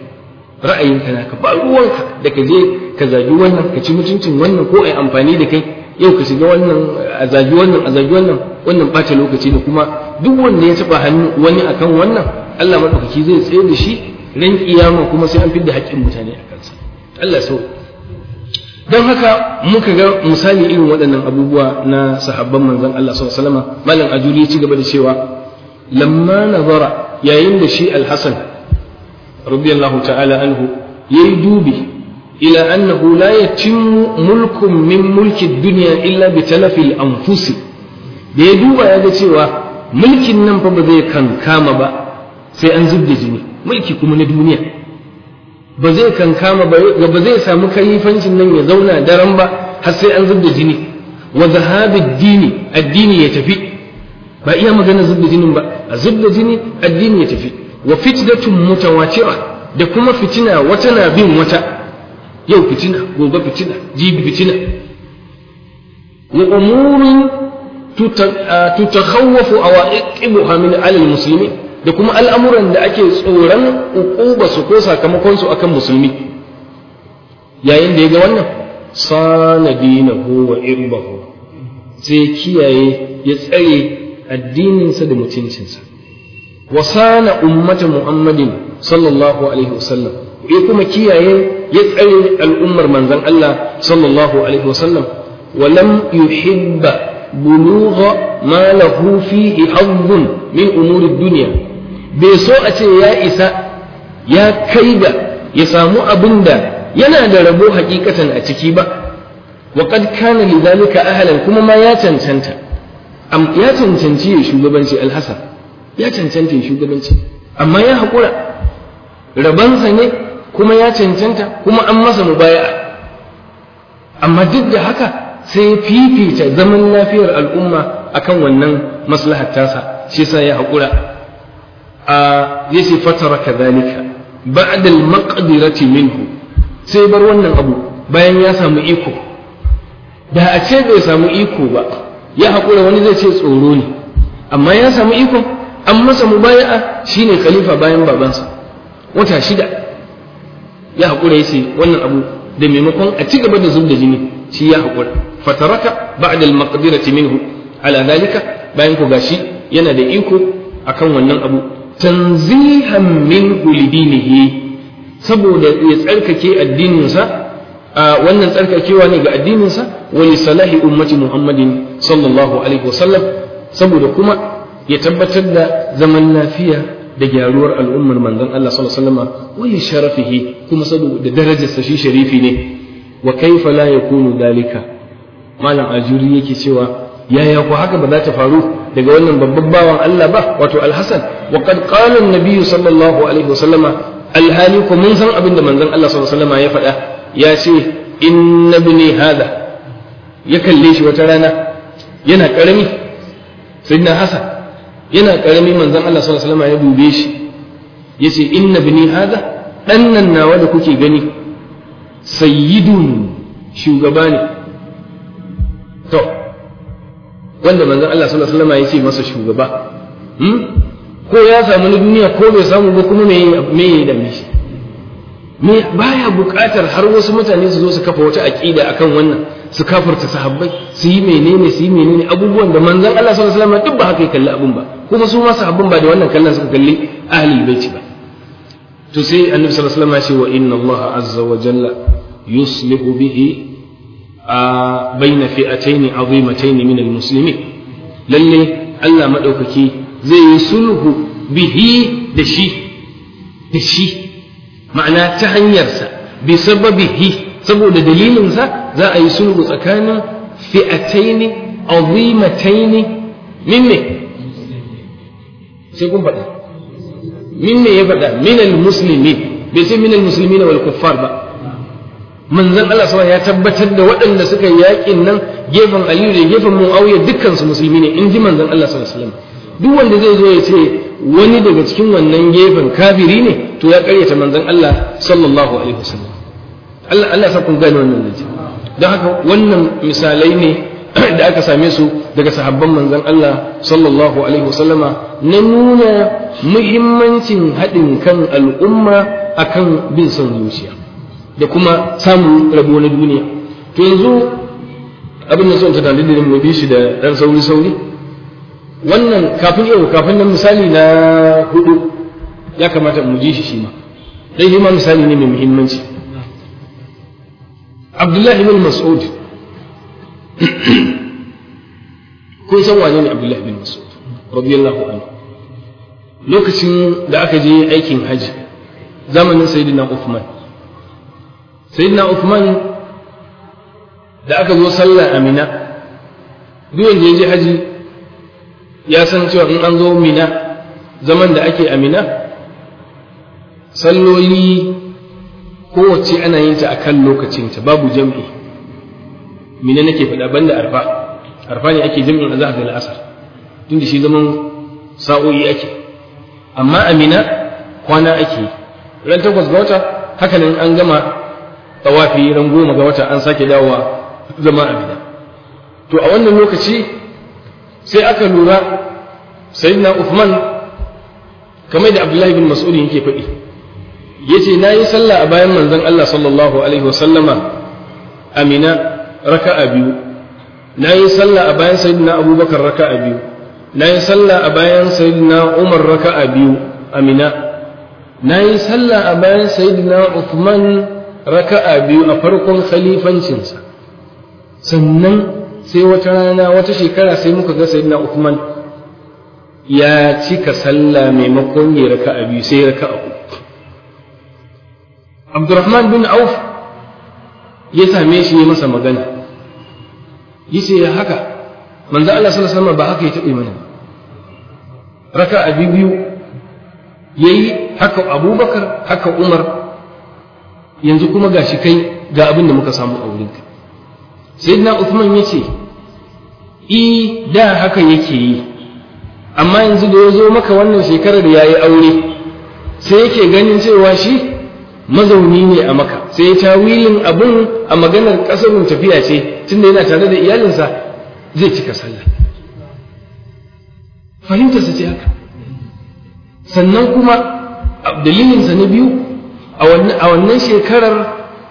ra'ayinka naka ba ruwanka da ka je ka zagi wannan ka ci mutuncin wannan ko a yi amfani da kai yau ka shiga wannan a zagi wannan a zagi wannan wannan ɓata lokaci da kuma duk wanda ya taɓa hannu wani akan wannan Allah madaukaki zai tsaye da shi nan kiyama kuma sai an fidda haƙƙin mutane a kansa Allah so don haka muka ga misali irin waɗannan abubuwa na sahabban manzon Allah sallallahu alaihi wasallam malam ajuri ya ci gaba da cewa lamma nazara yayin da shi al-Hasan radiyallahu ta'ala anhu yayi dubi ila annahu la yatimmu mulkun min mulki dunya illa bi talafi al-anfusi da ya duba ya ga cewa mulkin nan fa ba zai kankama ba sai an zub da jini mulki kuma na duniya ba zai kankama ba ba zai samu kalifancin nan ya zauna daren ba har sai an zub da jini wa zahabi dini addini ya tafi ba iya magana zub da jinin ba a zub da jini addini ya tafi wa fitnatun mutawatira da kuma fitina wata na bin wata yau fitina gobe fitina jibi fitina wa umurin تتخوف أواقبها من Alal المسلمين da kuma al'amuran da ake tsoron uquba su ko sakamakonsu akan musulmi yayin da ya ga wannan sana dinahu wa irbahu Zai kiyaye ya tsare addininsa da mutuncinsa wa sana ummata muhammadin sallallahu alaihi wasallam ya kuma kiyaye ya tsare al'ummar manzon Allah sallallahu alaihi wasallam wa lam yuhibba bulugha ma lahu fihi hazzun min umuri duniya. bai so a ce ya isa ya kai ga ya samu abin da yana da rabo hakikatan a ciki ba wa kad kana lidalika ahlan kuma ma ya cancanta am ya cancanci ya shugabanci alhasan ya cancanta ya shugabanci amma ya haƙura rabansa ne kuma ya cancanta kuma an masa mubaya'a amma duk da haka sai fifita zaman lafiyar al'umma akan wannan maslahar tasa shi sa ya haƙura yace fatara kadhalika ba'da al-maqdirati minhu sai bar wannan abu bayan ya samu iko da a ce bai samu iko ba ya haƙura wani zai ce tsoro ne amma ya samu iko an masa mubaya'a shine khalifa bayan babansa wata shida ya haƙura yace wannan abu da maimakon a ci gaba da zub da jini shi ya haƙura fataraka ba'da al-maqdirati minhu ala dalika bayan ku gashi yana da iko akan wannan abu tanzihan min lidinihi saboda ya tsarkake addininsa wannan tsarkakewa ne ga addininsa wa li salahi ummati muhammadin sallallahu alaihi wasallam saboda kuma ya tabbatar da zaman lafiya da gyaruwar al'ummar manzon Allah sallallahu alaihi wasallam wa li sharafihi kuma saboda darajarsa shi sharifi ne wa kaifa la yakunu dalika malam ajuri yake cewa yaya ko haka ba za ta faru daga wannan babban bawan Allah ba wato alhasan wa qad qala an-nabiy sallallahu alaihi wasallama alhali ko mun san abin da manzon Allah sallallahu alaihi wasallama ya faɗa ya ce inna ibni hada ya kalle shi wata rana yana karami sayyidina hasan yana karami manzon Allah sallallahu alaihi wasallama ya dube shi yace inna ibni hada dan nan nawa da kuke gani sayyidun shugaba ne to wanda manzon Allah sallallahu alaihi wasallam ya ce masa shugaba hmm? ko ya samu na duniya ko bai samu ba kuma me me da mishi me baya buƙatar har wasu mutane su zo su kafa wata aqida akan wannan su kafirta sahabbai su yi menene su yi menene abubuwan da manzon Allah sallallahu alaihi wasallam duk ba haka ya kalli abun ba kuma su ma sahabban ba da wannan kallon suka kalli ahlul baiti ba to sai annabi sallallahu alaihi wasallam ya ce wa inna Allah azza wa jalla yuslihu bihi baina fi'atayn azimatayn min almuslimin lalle Allah maɗaukaki zai yi sulhu bihi da shi da shi ma'ana ta hanyarsa bi sababihi saboda dalilinsa za a yi sulhu tsakanin fi'atayn azimatayn min A sai kun faɗa min me ya bai sai wal kuffar ba manzon Allah sama ya tabbatar da waɗanda suka yi yaƙin nan gefen Aliyu da gefen Muawiya dukkan su musulmi ne in ji manzon Allah sallallahu alaihi wasallam duk wanda zai zo ya ce wani daga cikin wannan gefen kafiri ne to ya ƙaryata manzon Allah sallallahu alaihi wasallam Allah Allah sa kun gane wannan zance don haka wannan misalai ne da aka same su daga sahabban manzon Allah sallallahu alaihi wasallama na nuna muhimmancin haɗin kan al'umma akan bin son zuciya da kuma samun rabo na duniya to yanzu abin da son ta dalilin mu bi shi da ɗan sauri sauri wannan kafin yau kafin nan misali na hudu ya kamata mu ji shi shi ma dai shi ma misali ne mai muhimmanci Abdullahi bin Mas'ud kun san wane ne Abdullahi bin Mas'ud radiyallahu anhu lokacin da aka je aikin haji zamanin sayyidina Uthman sayyidina Uthman da aka zo sallar Amina duk wanda ya je haji ya san cewa in an zo Mina zaman da ake Amina salloli kowace ana yin ta akan ta babu jam'i Mina nake faɗa banda arfa arfa ne ake jam'in azhar da al'asar tun da shi zaman sa'o'i ake amma Amina kwana ake ran takwas ga wata haka nan an gama tsawafi ran goma ga wata an sake dawowa zama a gida to a wannan lokaci sai aka lura sayyidina Uthman kamar da Abdullahi bin Mas'ud yake faɗi yace nayi sallah a bayan manzon Allah sallallahu alaihi wasallama amina raka'a biyu nayi sallah a bayan sayyidina Abubakar raka'a biyu nayi sallah a bayan sayyidina Umar raka'a biyu amina nayi sallah a bayan sayyidina Uthman raka'a biyu a farkon khalifancinsa sannan sai wata rana wata shekara sai muka ga sayyidina Uthman ya cika sallah maimakon ya raka'a biyu sai raka'a uku Abdurrahman bin Auf ya same shi ne masa magana yace ya haka manzo Allah sallallahu alaihi ba haka ya tabe mana raka'a biyu yayi haka Abubakar haka Umar yanzu kuma ga shi kai ga abin da muka samu a wurinka na Uthman yace i da haka yake yi amma yanzu da ya zo maka wannan shekarar ya yi aure sai yake ganin cewa shi mazauni ne a maka sai ya tawilin abin a maganar mu tafiya ce tunda yana tare da iyalinsa zai cika sallah fahimtarsa ce haka sannan kuma dalilinsa na biyu a wannan shekarar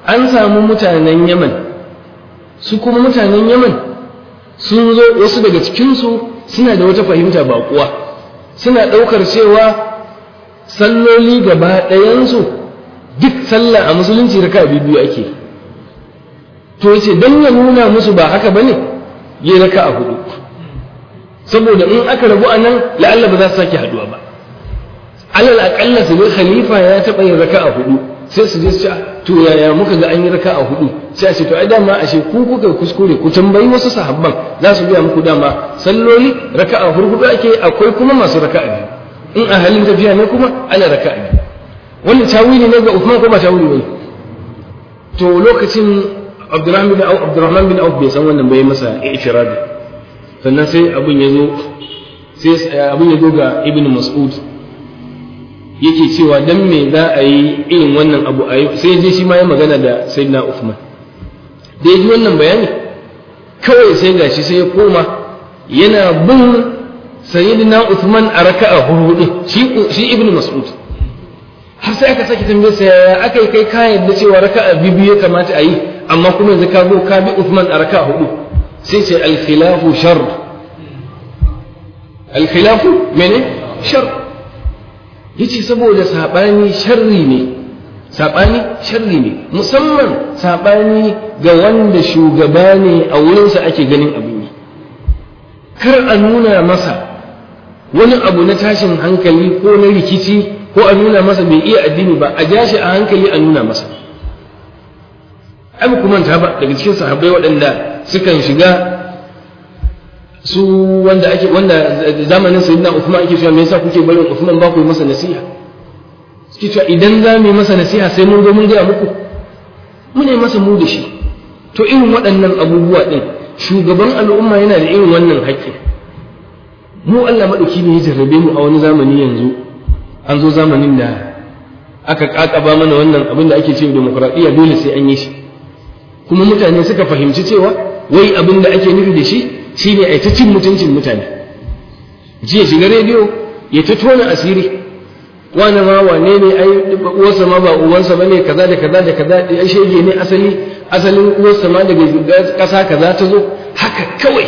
an samu mutanen yaman su kuma mutanen yaman sun zo wasu daga cikinsu suna da wata fahimta baƙuwa suna ɗaukar cewa salloli gaba ɗayansu duk sallah a musulunci raka biyu ake to yace dan ya nuna musu ba haka bane ya raka a hudu saboda in aka rabu a anan la'alla ba za su sake haduwa ba alal aƙalla su ne khalifa ya taɓa yin raka a hudu sai su je su to yaya muka ga an yi raka a hudu sai a ce to ai dama ashe ku kuka kuskure ku tambayi wasu sahabban za su biya muku dama salloli a hurhudu ake akwai kuma masu raka a biyu in a halin tafiya ne kuma ana raka a biyu wannan tawili ne ga Uthman ko ba tawili ne to lokacin Abdurrahman bin Auf Abdurrahman bin Auf bai san wannan bai masa i'tirabi sannan sai abun ya zo sai eh, abun ya zo ga Ibn Mas'ud yake cewa dan me za a yi irin wannan abu a yi sai je shi ma ya magana da sayyidina Uthman da yaji wannan bayani kawai sai gashi sai ya koma yana bin sayyidina Uthman a raka'a hudu shi shi ibnu Mas'ud har sai aka saki tambayar sa aka yi kai ka yarda cewa raka'a biyu ya kamata a yi amma kuma yanzu ka zo ka bi Uthman a raka'a hudu sai ce al-khilafu shar al-khilafu mene shar yace saboda saɓani sharri ne saɓani sharri ne musamman saɓani ga wanda shugaba ne a wurinsa ake ganin abin yi kar a nuna masa wani abu na tashin hankali ko na rikici ko a nuna masa bai iya addini ba a ja a hankali a nuna masa ai kuma ta ba daga cikin sahabbai waɗanda sukan shiga su wanda ake wanda zamanin sayyidina Uthman ake cewa me yasa kuke barin Uthman ba ku masa nasiha suke cewa idan za mu masa nasiha sai mun zo mun gaya muku Mun yi masa mu da shi to irin waɗannan abubuwa din, shugaban al'umma yana da irin wannan haƙƙi mu Allah madauki ne ya jarrabe mu a wani zamani yanzu an zo zamanin da aka kakaba mana wannan abin da ake cewa demokradiyya dole sai an yi shi kuma mutane suka fahimci cewa wai abin da ake nufi da shi shi ne a ta cin mutuncin mutane jiya shiga rediyo ya ta tona asiri wani ma wane ne ai uwarsa ma ba uwarsa ba ne kaza da kaza da kaza da ya shege ne asali asalin uwarsa ma daga kasa kaza ta zo haka kawai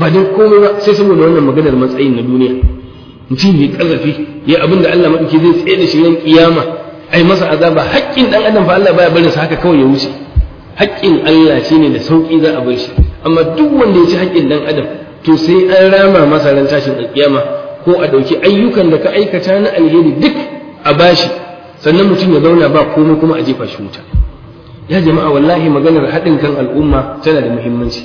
ba don komai ba sai saboda wannan maganar matsayin na duniya mutum mai karfafi ya abin da Allah maɗauki zai tsaye da shirin kiyama ai masa azaba haƙƙin ɗan adam fa Allah baya barin sa haka kawai ya wuce haƙƙin Allah shine da sauƙi za a bar shi amma duk wanda ya ci haƙƙin ɗan adam to sai an rama masa ran tashin alƙiyama ko a ɗauki ayyukan da ka aikata na alheri duk a bashi sannan mutum ya zauna ba komai kuma a jefa shi wuta ya jama'a wallahi maganar haɗin kan al'umma tana da muhimmanci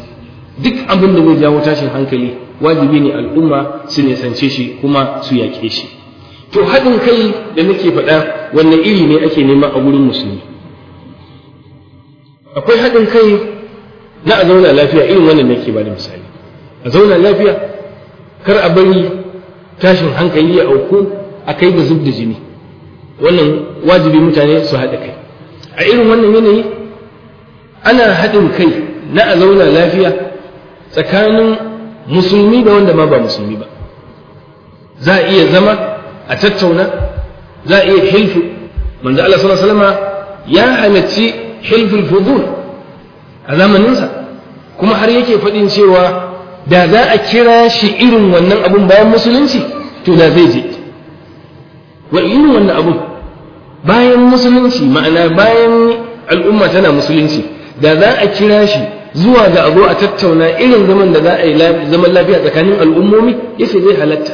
duk abin da zai jawo tashin hankali wajibi ne al'umma su nisance shi kuma su yaƙe shi to haɗin kai da nake faɗa wanne iri ne ake nema a wurin musulmi akwai haɗin kai na a zauna lafiya irin wannan ne ke bada misali a zauna lafiya kar a bari tashin hankali ya auku a kai da zub da jini wannan wajibi mutane su haɗa kai a irin wannan yanayi ana haɗin kai na a zauna lafiya tsakanin musulmi da wanda ma ba musulmi ba za a iya zama a tattauna za a iya hilfu manzo Allah sallallahu alaihi ya halarci hilful fudul a zamaninsa kuma har yake faɗin cewa da za a kira shi irin wannan abun bayan musulunci to da zai je wa irin wannan abun bayan musulunci ma'ana bayan al'umma tana musulunci da za a kira shi zuwa ga azo a tattauna irin zaman da za a yi zaman lafiya tsakanin al'ummomi yace zai halatta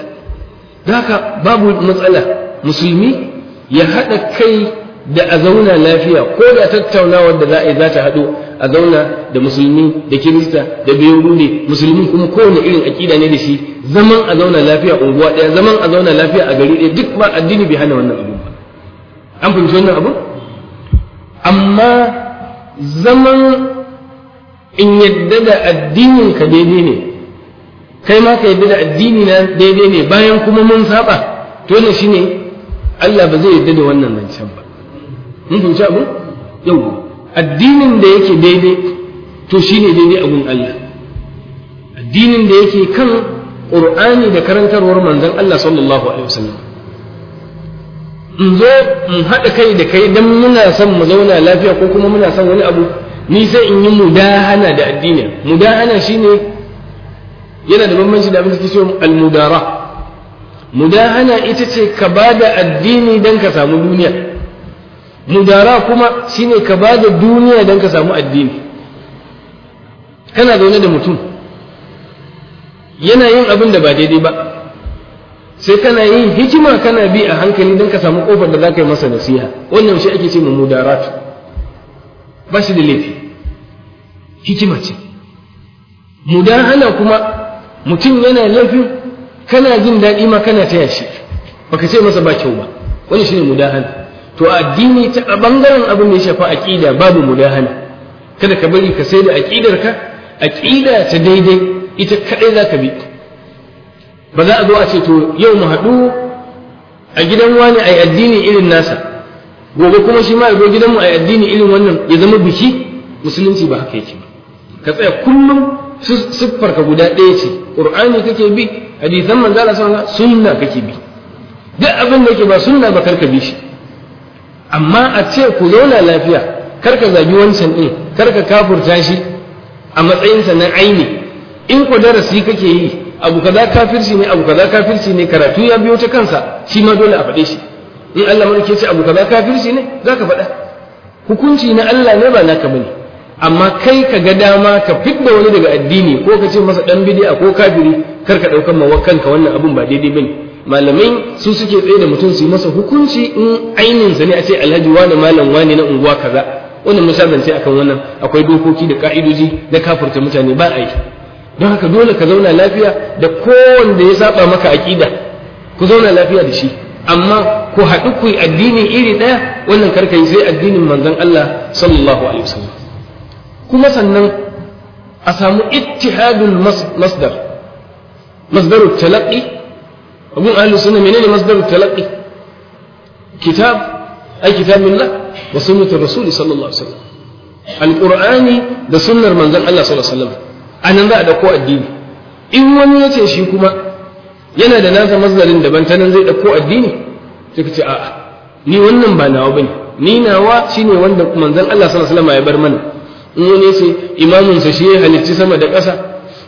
haka babu matsala musulmi ya haɗa kai da a zauna lafiya ko da tattaunawa da za a yi za ta haɗu a zauna da musulmi da kirista da biyu ne musulmi kuma kowane irin aƙida ne da shi zaman a zauna lafiya unguwa ɗaya zaman a zauna lafiya a gari ɗaya duk ba addini bai hana wannan abu ba an fahimci wannan abu amma zaman in yadda da addinin ka daidai ne kai ma ka yadda da addini na daidai ne bayan kuma mun saba to ne shine Allah ba zai yadda da wannan nan can ba mun fahimci abu yau addinin da yake daidai to shine daidai abun Allah addinin da yake kan qur'ani da karantarwar manzon Allah sallallahu alaihi wasallam in zo in haɗa kai da kai dan muna son mu zauna lafiya ko kuma muna son wani abu ni sai in yi mudahana da addini mudahana shine yana da bambanci da abin da kike al-mudara mudahana ita ce ka bada addini dan ka samu duniya mudara kuma shine ka ba da duniya don ka samu addini kana zaune da mutum yana yin abin da ba daidai ba sai kana yi hikima kana bi a hankali don ka samu kofar da za ka yi masa nasiha wannan shi ake ce mu tu, ba shi da laifi hikima ce mudahana kuma mutum yana laifin kana jin daɗi ma kana taya shi baka ce masa ba kyau ba wani shi ne mudahana to addini ta a bangaren abin da ya shafa aqida babu mudahana kada ka bari ka sai da aqidar ka aqida ta daidai ita kaɗai za ka bi ba za a zo a ce to yau mu haɗu a gidan wani ai addini irin nasa gobe kuma shi ma zo gidanmu a addini irin wannan ya zama biki musulunci ba haka yake ka tsaya kullum siffar ka guda ɗaya ce qur'ani kake bi hadisan manzo Allah sunna kake bi duk abin da yake ba sunna ba karka bi shi amma a ce ku zauna lafiya kar ka zagi wancan ɗin kar ka kafurta shi a matsayinsa na aini in ku darasi kake yi abu kaza kafirci ne abu kaza kafirci ne karatu ya biyo ta kansa shi ma dole a faɗe shi in Allah mulki ke ce abu kaza kafirci ne za ka faɗa hukunci na Allah ne ba naka bane amma kai ka ga dama ka fidda wani daga addini ko ka ce masa dan bid'a ko kafiri kar ka daukan mawakanka wannan abun ba daidai bane malamai su suke tsaye da mutum su yi masa hukunci in ainihinsa ne a ce alhaji wani malam wani na unguwa kaza wannan mun sabance akan wannan akwai dokoki da ka'idoji da kafurta mutane ba a yi don haka dole ka zauna lafiya da kowanne ya saba maka aƙida ku zauna lafiya da shi amma ku haɗu ku addini iri ɗaya wannan karka yi sai addinin manzon Allah sallallahu alaihi wasallam kuma sannan a samu ittihadul masdar masdarul talaqqi أقول أهل السنة منين مصدر التلقي كتاب أي كتاب من الله وسنة الرسول صلى الله عليه وسلم القرآن ده سنة من الله صلى الله عليه وسلم أنا ما أدقوا الدين إن من يتشيكما ينا دنازة مصدر إن دبان تنزي أدقوا الدين تكتعاء ni wannan ba nawa bane ni nawa shine wanda manzon Allah sallallahu alaihi wasallam ya bar mana wani yace imamin sa shi ya halicci sama da ƙasa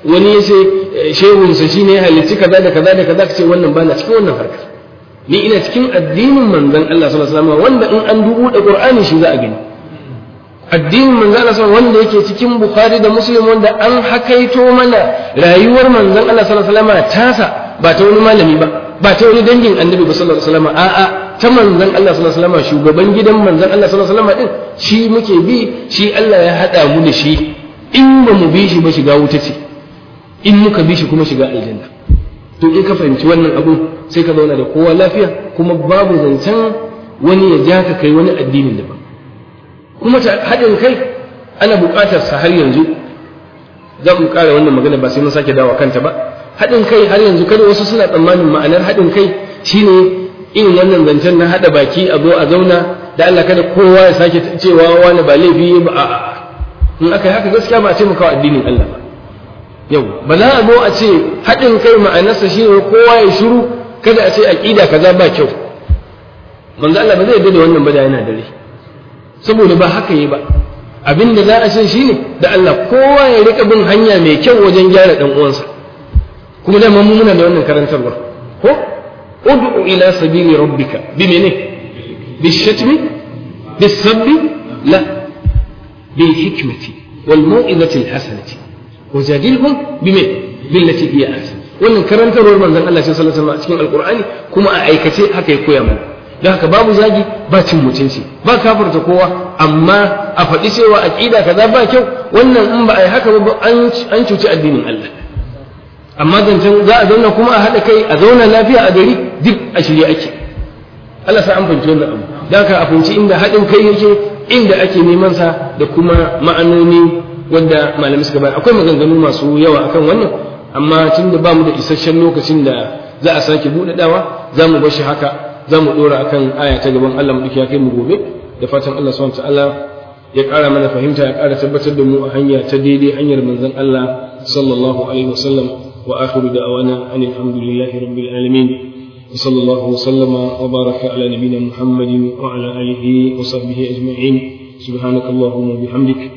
wani yace shehunsa shi ne halicci kaza da kaza da kaza ka ce wannan bana cikin wannan harkar ni ina cikin addinin manzon Allah sallallahu alaihi wasallam wanda in an dubu da Qur'ani shi za a gani addinin manzon Allah sallallahu wanda yake cikin Bukhari da Muslim wanda an hakaito mana rayuwar manzon Allah sallallahu alaihi tasa ba ta wani malami ba ba ta wani dangin annabi ba sallallahu alaihi wasallam a'a ta manzon Allah sallallahu alaihi wasallam shugaban gidan manzon Allah sallallahu alaihi wasallam din shi muke bi shi Allah ya hada mu da shi in ba mu bi shi ba shiga wuta ce in muka bi shi kuma shiga aljanna to in ka fahimci wannan abu sai ka zauna da kowa lafiya kuma babu zancen wani ya ja ka kai wani addinin daban kuma ta haɗin kai ana buƙatar sa har yanzu za mu ƙara wannan magana ba sai mun sake dawa kanta ba haɗin kai har yanzu kada wasu suna tsammanin ma'anar haɗin kai shine irin wannan zancen na haɗa baki a zo a zauna da Allah kada kowa ya sake cewa wani ba laifi ba a'a in aka yi haka gaskiya ba a ce mu kawo addinin Allah ba yau ba za a zo a ce haɗin kai ma'anarsa shi ne kowa ya shiru kada a ce aƙida kaza ba kyau manzo Allah ba zai yarda da wannan ba da yana dare saboda ba haka yi ba abin da za a ce ne da Allah kowa ya rika bin hanya mai kyau wajen gyara dan uwansa kuma da mun muna da wannan karantarwa ko ud'u ila sabili rabbika bi mene bi shatmi bi sabbi la bi hikmati wal mu'izati al hasanati wajadilhum bima billati hi ahsan wannan karantarwar manzon Allah sallallahu alaihi a cikin alqur'ani kuma a aikace haka ya koya mana Da haka babu zagi ba cin mutunci ba kafarta kowa amma a faɗi cewa aƙida kaza ba kyau wannan in ba a yi haka ba an cuci addinin Allah amma zancen za a zauna kuma a haɗa kai a zauna lafiya a gari duk a shirye ake Allah sa an fahimci wannan abu don haka a fahimci inda haɗin kai yake inda ake neman sa da kuma ma'anoni wanda malami suka bayar akwai maganganu masu yawa akan wannan amma tunda bamu da isasshen lokacin da za a sake buɗaɗawa za mu bar shi haka za mu ɗora akan aya ta gaban Allah mu ya kai mu gobe da fatan Allah subhanahu ta'ala ya ƙara mana fahimta ya ƙara tabbatar da mu a hanya ta daidai hanyar manzon Allah sallallahu alaihi wasallam wa akhiru da'wana anil hamdulillahi rabbil alamin وصلى الله وسلم وبارك على نبينا محمد وعلى اله وصحبه اجمعين سبحانك اللهم وبحمدك